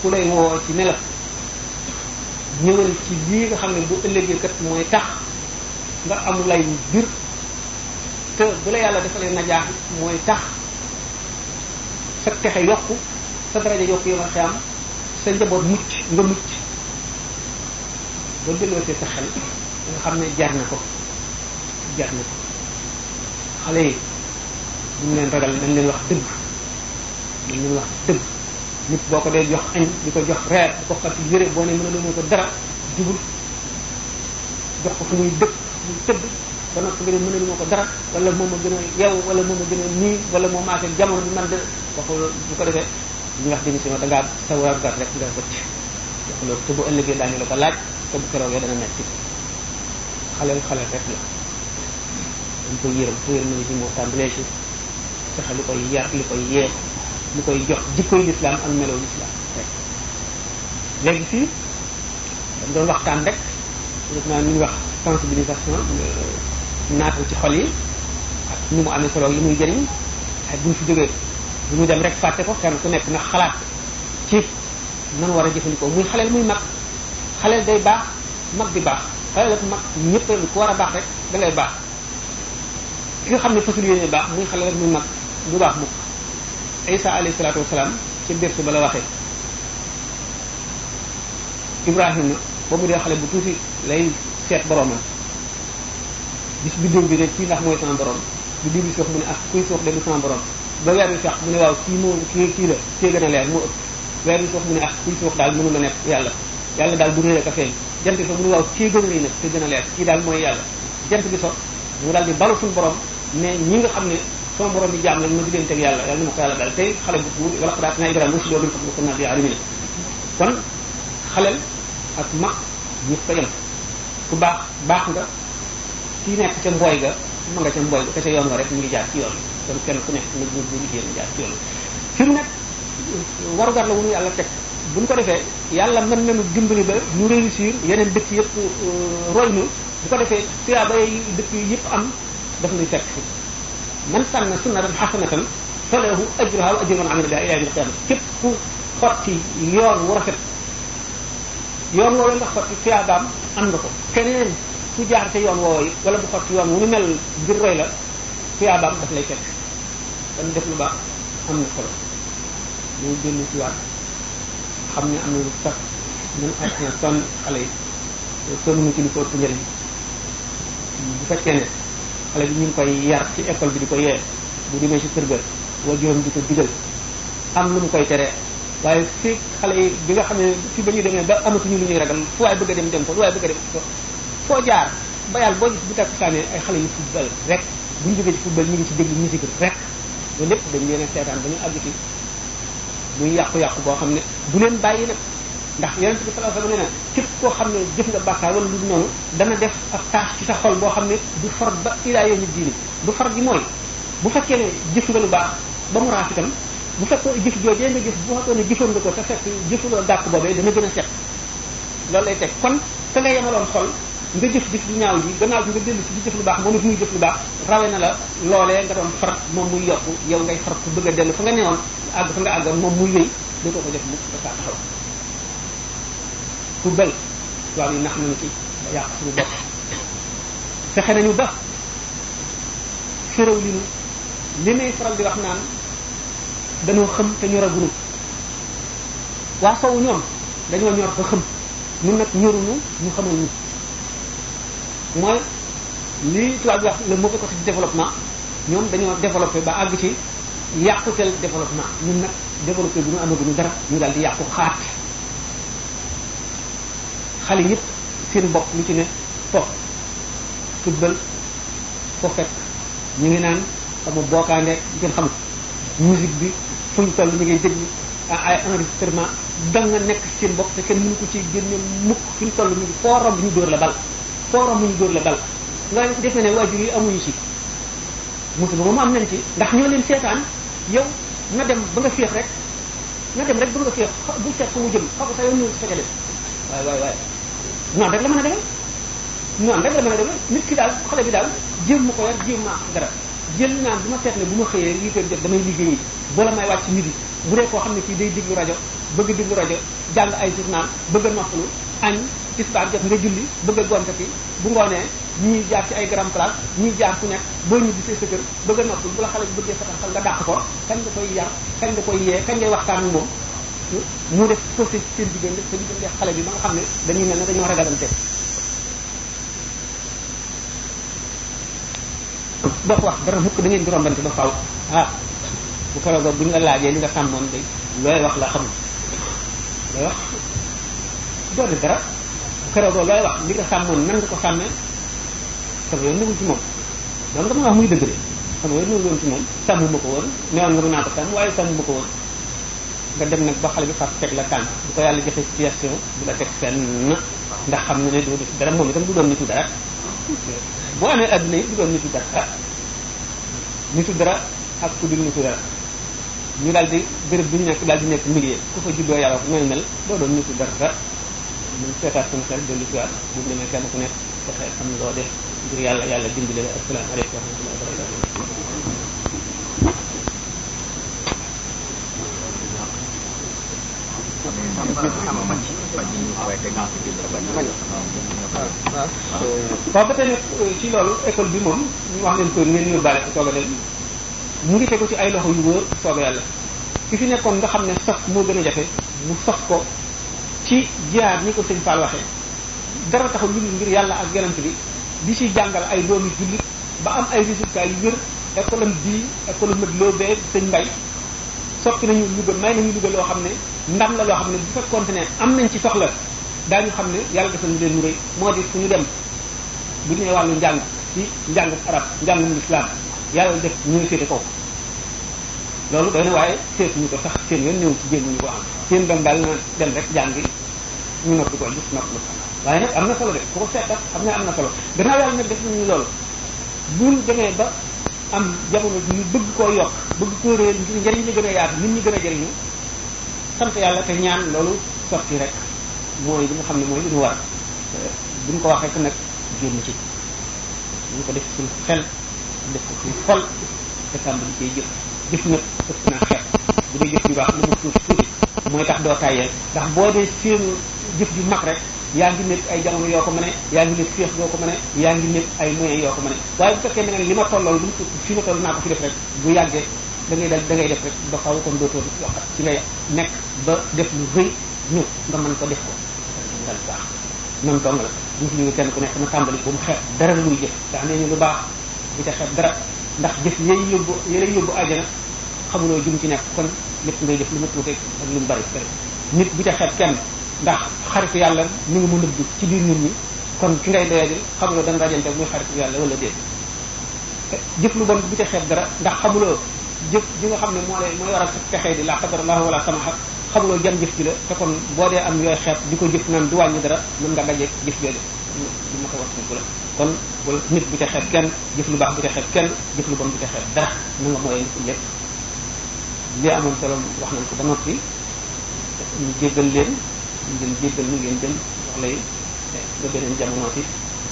ku lay woo ci ne ñëwal ci lii nga xam ne bu ëllëgee kat mooy tax nga amul lay bir te bu la yàlla defalee najaax mooy tax sa texe yokku sa daraja yokku yow nga xam sa njaboot mucc nga mucc ba delloosee sa xel nga xam ne jar na ko jar na ko xale yi duñ leen ragal dañ leen wax dëgg dañ leen wax dëgg nit boo ko dee jox añ di ko jox reer di ko fàttali yére boo ne mëna loo ko dara jubul jox ko fu muy dëkk muy tëdd ba noppi nga ne ko dara wala moom a gën a yow wala moom a gën a jamono man de waxu bu ko defee li ñuy wax démission da ngaa sa rek nga bëcc wax loolu te bu ëllëgee daañu la ko laaj te bu keroog ko yërëm ko yërëm li koy yar li koy yeex mu koy jox jikkoy lislaam ak melow lislaam léegi fii dañ doon waxtaan rek naa ñu wax sensibilisation naatal ci xol yi ak ñu mu amee solo li muy jëriñ ak buñ fi jógee bu mu dem rek fàtte ko kenn ku nekk na xalaat ci nan war a jëfandikoo muy xaleel muy mag xaleel day baax mag di baax xaleel ak mag ñëpp ku war a baax rek dangay baax ki nga xam ne fasul yéene baax muy xaleel ak muy mag du baax mukk isa alayhi salaatu wasalaam ci dértu ba la waxee ibrahima ba mu dee xale bu tuuti lay seet boroomam gis biddiw bi ne kii ndax mooy sama borom biddiw bi suux mu ne ak ah, kuy suux de du sama borom ba weer bi mu ne kii a leer moo suux mu ne ak ah, kuy suux daal mënu la nekk yàlla yàlla daal bu réer ak a feeñ jant bi sax mu ne waaw kii gën a rëy nag gën a leer kii daal mooy yàlla jant bi sax mu dal di balu suñu borom ne ñi nga xam ne sama borom bi jaam lañ ma diggante ak yàlla yàlla na ma ko yàlla dal tey xale bu tuuti wala xadaat naa ibrahima rusula min kon xalel ak mag ñëpp ko ku baax baax nga kii nekk ca mbooy ga ma nga ca mbooy ga te ca yoon nga rek mu ngi jaar ci yoon kon kenn ku nekk nga góor góor liggéey na jaar warugar la wu ñu yàlla teg bu ñu ko defee yàlla man nañu dimbali ba ñu réussir yeneen bët yëpp euh, roy nu bu ko defee tuyaa ba dëkk yëpp am daf nuy fekk fi man sànna sunnatan hasanatan falahu ajruha wa ajru man amila biha ila yawmil qiyamah képp ku xotti yoon wu rafet yoon woowu nga xotti tuyaabaam am nga ko keneen ku jaar te yoon woowu yi wala bu xotti yoon wu nu mel ngir roy la tuyaabaam daf lay fekk kon def lu baax am na solo ñu génn ci waat xam ne am na lu tax ñun ak na sonn xale yi sonn ñu ci lu ko ëpp njëriñ bu fekkee ne xale bi ñu ngi koy yar ci école bi di ko yee bu demee ci kër ga waajuram di ko digal am lu mu koy tere waaye xale yi bi nga xam ne fi ba ñu demee ba amatuñu lu ñuy ragal fu waaye bëgg dem dem ko lu waaye bëgg a dem ko foo jaar ba yàlla boo gis bu takkusaanee ay xale yu football rek bu ñu jógee ci football ñu ngi ci déglu musique rek loolu lépp dañ leen a seetaan ba ñu àgg ci muy yàqu-yàqu boo xam ne du leen bàyyi nag ndax yonente bi sallallahu alayhi wasallam nee na képp koo xam ne jëf nga bàkkaar wala lu dul noonu dana def ak taax ci sa xol boo xam ne du far ba ilaa yawmi diini du far bi mooy bu fekkee ne jëf nga lu baax ba mu raaf itam bu fekkoo jëf joojee nga jëf bu fekkoo ne jëfoon nga ko te fekk jëfuloo gàkk boobee dana gën a set loolu lay teg kon ka nga yemaloon xol nga jëf jëf lu ñaaw ji gannaaw bi nga dellu ci di jëf lu baax moom it muy jëf lu baax rawe na la loolee nga doon far moom muy yokk yow ngay far ku bëgg a dellu fa nga newoon àgg fa nga àggoon moom muy wéy dootoo ko def mu dafa taxaw football tubaab yi nax nañu ci ba yàq suñu bopp fexe nañu ba féréw li ñu li may faral di wax naan dañoo xam te ñoragunu waa sowu ñoom dañoo ñor ba xam ñun nag ñorunu ñu xamal nu mooy lii tubaab bi wax le mauvais côté du développement ñoom dañoo développé ba àgg ci yàqutel développement ñun nag développé bu ñu amaguñu dara ñu daal di yàqu xaat xale yëpp seen bopp lu ci ne toog football foket ñu ngi naan sama bookaande ngeen xamul musique bi fu ñu toll ñu ngi déglu ay enregistrement da nga nekk seen bopp te kenn mënu ko ci génne mukk fu ñu toll ñu ngi foo romb ñu dóor la bal foo romb ñu dóor la bal nga defee ne waajur yi amuñu ci musiba mu am nañ ci ndax ñoo leen seetaan yow nga dem ba nga féex rek nga dem rek ba nga féex bu seet ko mu jëm xaw sa yoon ñëw
si
noonu rek la mën a demee noonu rek la mën a demee nit ki daal xale bi daal jéem ma ko yar jéem ma am garab jël naan bu ma seet ne bu ma xëyee huit heures jot damay liggéeyi bala may wàcc midi bu dee koo xam ne kii day diglu rajo bëgg diglu rajo jàng ay journal bëgg a noppalu añ ci subaar jot nga julli bëgg a gonte fi bu ngoonee ñuy jaar ci ay grand place ñuy jaar ku nekk boo ñibbisee sa kër bëgg a bu la xale bi bëggee sa xel nga dàq ko kañ nga koy yar nga koy yee kañ ngay waxtaan ak mu def fossé ci seen diggante sa diggante xale bi ba nga xam ne dañuy mel ne dañoo ragalante boo ko wax dara mukk da ngeen di rombante ba faaw ah, bu keroog laajee li nga sàmmoon day looy wax la xam looy wax doole dara bu keroog looy wax li nga sàmmoon nan nga ko sàmmee sama yoon newul ci moom donc dama wax muy dëgg de sama yoon newul woon ci moom sàmmuma ko woon newoon nga mën naa ko sàmm waaye sàmmuma ko woon nga dem nag ba xale bi far teg la tànk bu ko yàlla joxe situation bu la teg fenn ndax xam ne ne doo def dara moom itam du doon nitu dara boo amee adduna yi du doon nitu dara nitu dara ak ku dul nitu dara ñu daal di béréb bi ñu nekk daal di nekk millier ku fa juddoo yàlla ko mel mel doo doon nitu dara ñu seetaat suñu xel dellu si waat bu demee kenn ku nekk fexe xam loo def ngir yàlla yàlla dimbali la asalaamaaleykum wa rahmatulah waaw ba tey euh, ci loolu école bi moom ñu wax leen ko ngeen ñu baale ci soog dem mu ngi tegu ci ay loxo yu wóor soog a yàlla ki fi nekkoon nga xam ne sos moo gën a jafe mu sos ko ci jaar ñi ko sëñ Fall waxee dara taxul lu ngir yàlla ak yonent bi di ci jàngal ay doomi jullit ba am ay résultats yu wér école bi bii école loo bee sëñ mbay sotti nañu Louga may nañu Louga loo xam ne ndam la loo xam ne bu fekkoon ne am nañ ci soxla daañu xam ne yàlla defal ñu leen mu rëy moo di fu ñu dem bu ñu nee wàllu njàng ci njàngum arab njàngum islam yàlla def ñuy féete kaw loolu doy na waaye seet ñu ko sax seen yoon ñëw ci jéem ñu ko am seen dem daal na dem rek jàngi ñu noppi ko gis noppi ko waaye nag am na solo de ku ko seetat xam ne am na solo danaa yàlla nag def nañu loolu buñ demee ba am jamono ñu bëgg koo yokk bëgg koo réer njëriñ li gën a yaatu nit ñi gën a jëriñu sant yàlla te ñaan loolu sotti rek mooy li nga xam ne mooy li ñu war eh, buñ ko wax rek nag génn ci ñu ko def suñu xel def ko suñu xol te tàmbali koy dee jëf yu baax lu mu tuuti tuuti mooy tax doo tàyyeel ndax boo dee seen jëf ju mag rek yaa ngi nekk ay jamono yoo ko ma a yaa ngi nekk yoo ko mën yaa ngi nekk ay moyens yoo ko mën a waaye bu fekkee ne li ma tollool lu mu fi ma toll naa ko fi def yàggee da ngay dal da ngay def rek ba xaw kon dootoo waxat ci ngay nekk ba def lu rëy ñëw nga mën ko def ko dal baax noonu la ñu fi ñu ku nekk na tàmbali bu mu xeeb dara luy jëf ndax nee ñu lu baax bu ca xeeb dara ndax jëf yéen yóbbu yéen yóbbu àjjana xamuloo jum ci nekk kon lépp ngay def lu mu tuuti ak lu mu bari nit bu ca xeeb kenn ndax xaritu yàlla mi ngi mu nëbbu ci biir nit ñi kon ki ngay doyadi xamuloo da nga rajante muy xaritu yàlla wala déet jëf lu bon bu ca xeeb dara ndax xamuloo jëf ji nga xam ne moo lay mooy waral sa texee di la qadarallah wala samaha xamuloo jam jëf ci la te kon boo dee am yooy xeeb di ko jëf naan du wàññi dara mën nga daje jëf jooju lu ma ko wax bu la kon wala nit bu ca xeeb kenn jëf lu baax bu ca xeeb kenn jëf lu bon bu ca xeeb dara na nga mooyee nit lépp li amoon solo wax nañ ko ba noppi ñu jéggal leen ñu ngeen jéggal ñu ngeen jëm wax lay ba beneen jamono ci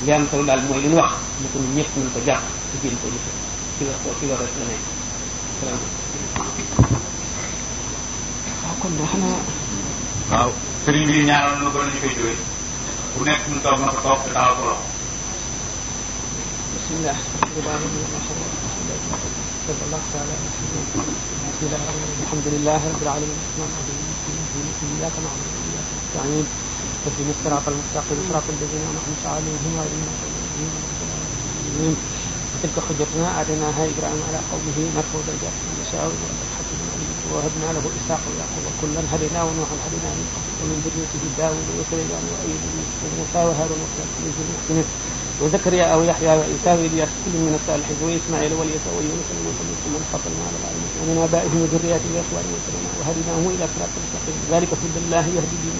li am solo daal mooy li ñu wax na ko ñëpp nañ ko jàpp ci jéem ko jëfe ci wax ko ci loolu rek la nekk salaamaaleykum waaw kon na xanaa
waaw sëriñ bi ñaanal na ko nañu koy jóge bu nekk mu toog na ko toog te taxaw ko loxo
bismillah صلى الله تعالى على محمد وعلى اله وصحبه الحمد لله رب العالمين الرحمن الرحيم اياك نعبد يعني اهدنا الصراط المستقيم صراط الذين انعمت عليهم غير المغضوب وتلك حجتنا اتيناها اجراء على قومه نرفع درجات من نشاء وحكيم عليم ووهبنا له اسحاق ويعقوب كلا هدينا ونوحا هدينا من قبل ومن ذريته داوود وسليمان وايوب وموسى وهارون وكذلك المحسنين وزكريا او يحيى وعيسى والياس كل من الصالحين واسماعيل واليسع ويونس ويوسف ومن فضلنا على العالمين ومن ابائهم وذريتهم واخوانهم وسلمنا وهديناهم الى صراط مستقيم ذلك فضل الله يهدي به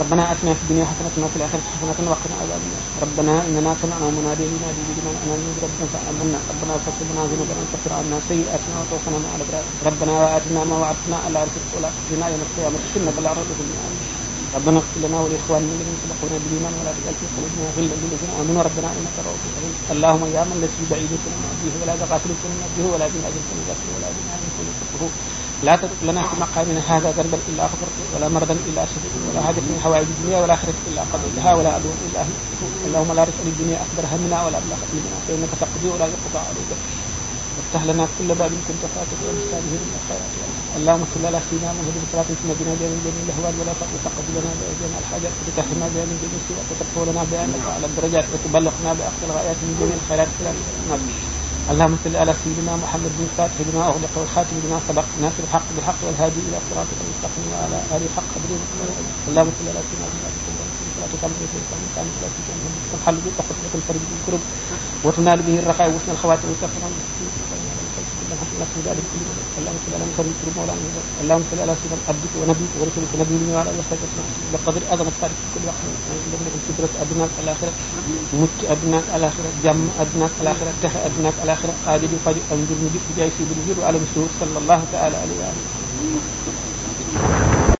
ربنا اتنا في الدنيا حسنه وفي الاخره حسنه وقنا عذاب النار ربنا اننا سمعنا مناديا ينادي بالايمان ان امنوا بربكم فامنا ربنا فاغفر لنا ذنوبنا وكفر عنا سيئاتنا وتوفنا مع الابرار ربنا واتنا ما وعدتنا على رسلك ولا تخزنا يوم القيامه انك لا رد في ربنا اغفر لنا ولاخواننا الذين سبقونا بالايمان ولا تجعل في قلوبنا غلا للذين امنوا ربنا انك رؤوف رحيم اللهم يا من لست بعيد كنا نبيه ولا بقاتل كنا نبيه ولا بن اجل كنا ولا بن اجل كنا laa tadut lana fi maqaamina haada darban illa xafartu wala maradan illa shafita wala xaajat min xawaaiji dunia wala axirati illa qadaytaha wala aduwan illa ahliku allahuma laa tasali dunia akbaraha mina wala ablaxat mina fa innaka taqdi wala yuqda alayka وافتح لنا كل باب كنت فاتحه وافتح به من الخيرات اللهم صل على سيدنا محمد صلاة ثم بنا بها من جميع الاهوال ولا فقر تقبلنا بها جميع الحاجات وتطهرنا بها من جميع السوء وتكفر لنا بها انك اعلى الدرجات وتبلغنا باقصى الغايات من جميع الخيرات الى النبي اللهم صل على سيدنا محمد بن الفاتح لما أغلق والخاتم لما سبق ناصر الحق بالحق والهادي إلى صراطك المستقيم وعلى آله حق قدره اللهم صل على سيدنا محمد صلاتك على الحل بالتقوى والفرج بالكرب وتنال به الرخاء وحسن الخواتم والكفر اللهم صل على سيدنا محمد اللهم صل على محمد مولانا اللهم صل على سيدنا عبدك ونبيك ورسولك نبينا وعلى اله وصحبه وسلم لقدر اعظم صالح في كل وقت عندك لك قدرة ادناك الاخره mucc addunaak alaxira jàmm addunaak alaxira texe addunaak alaxira aajo bi faju am mbir mi jëpp jaay si bi di jur alam suuf sallallahu taala alayhi wa
alihi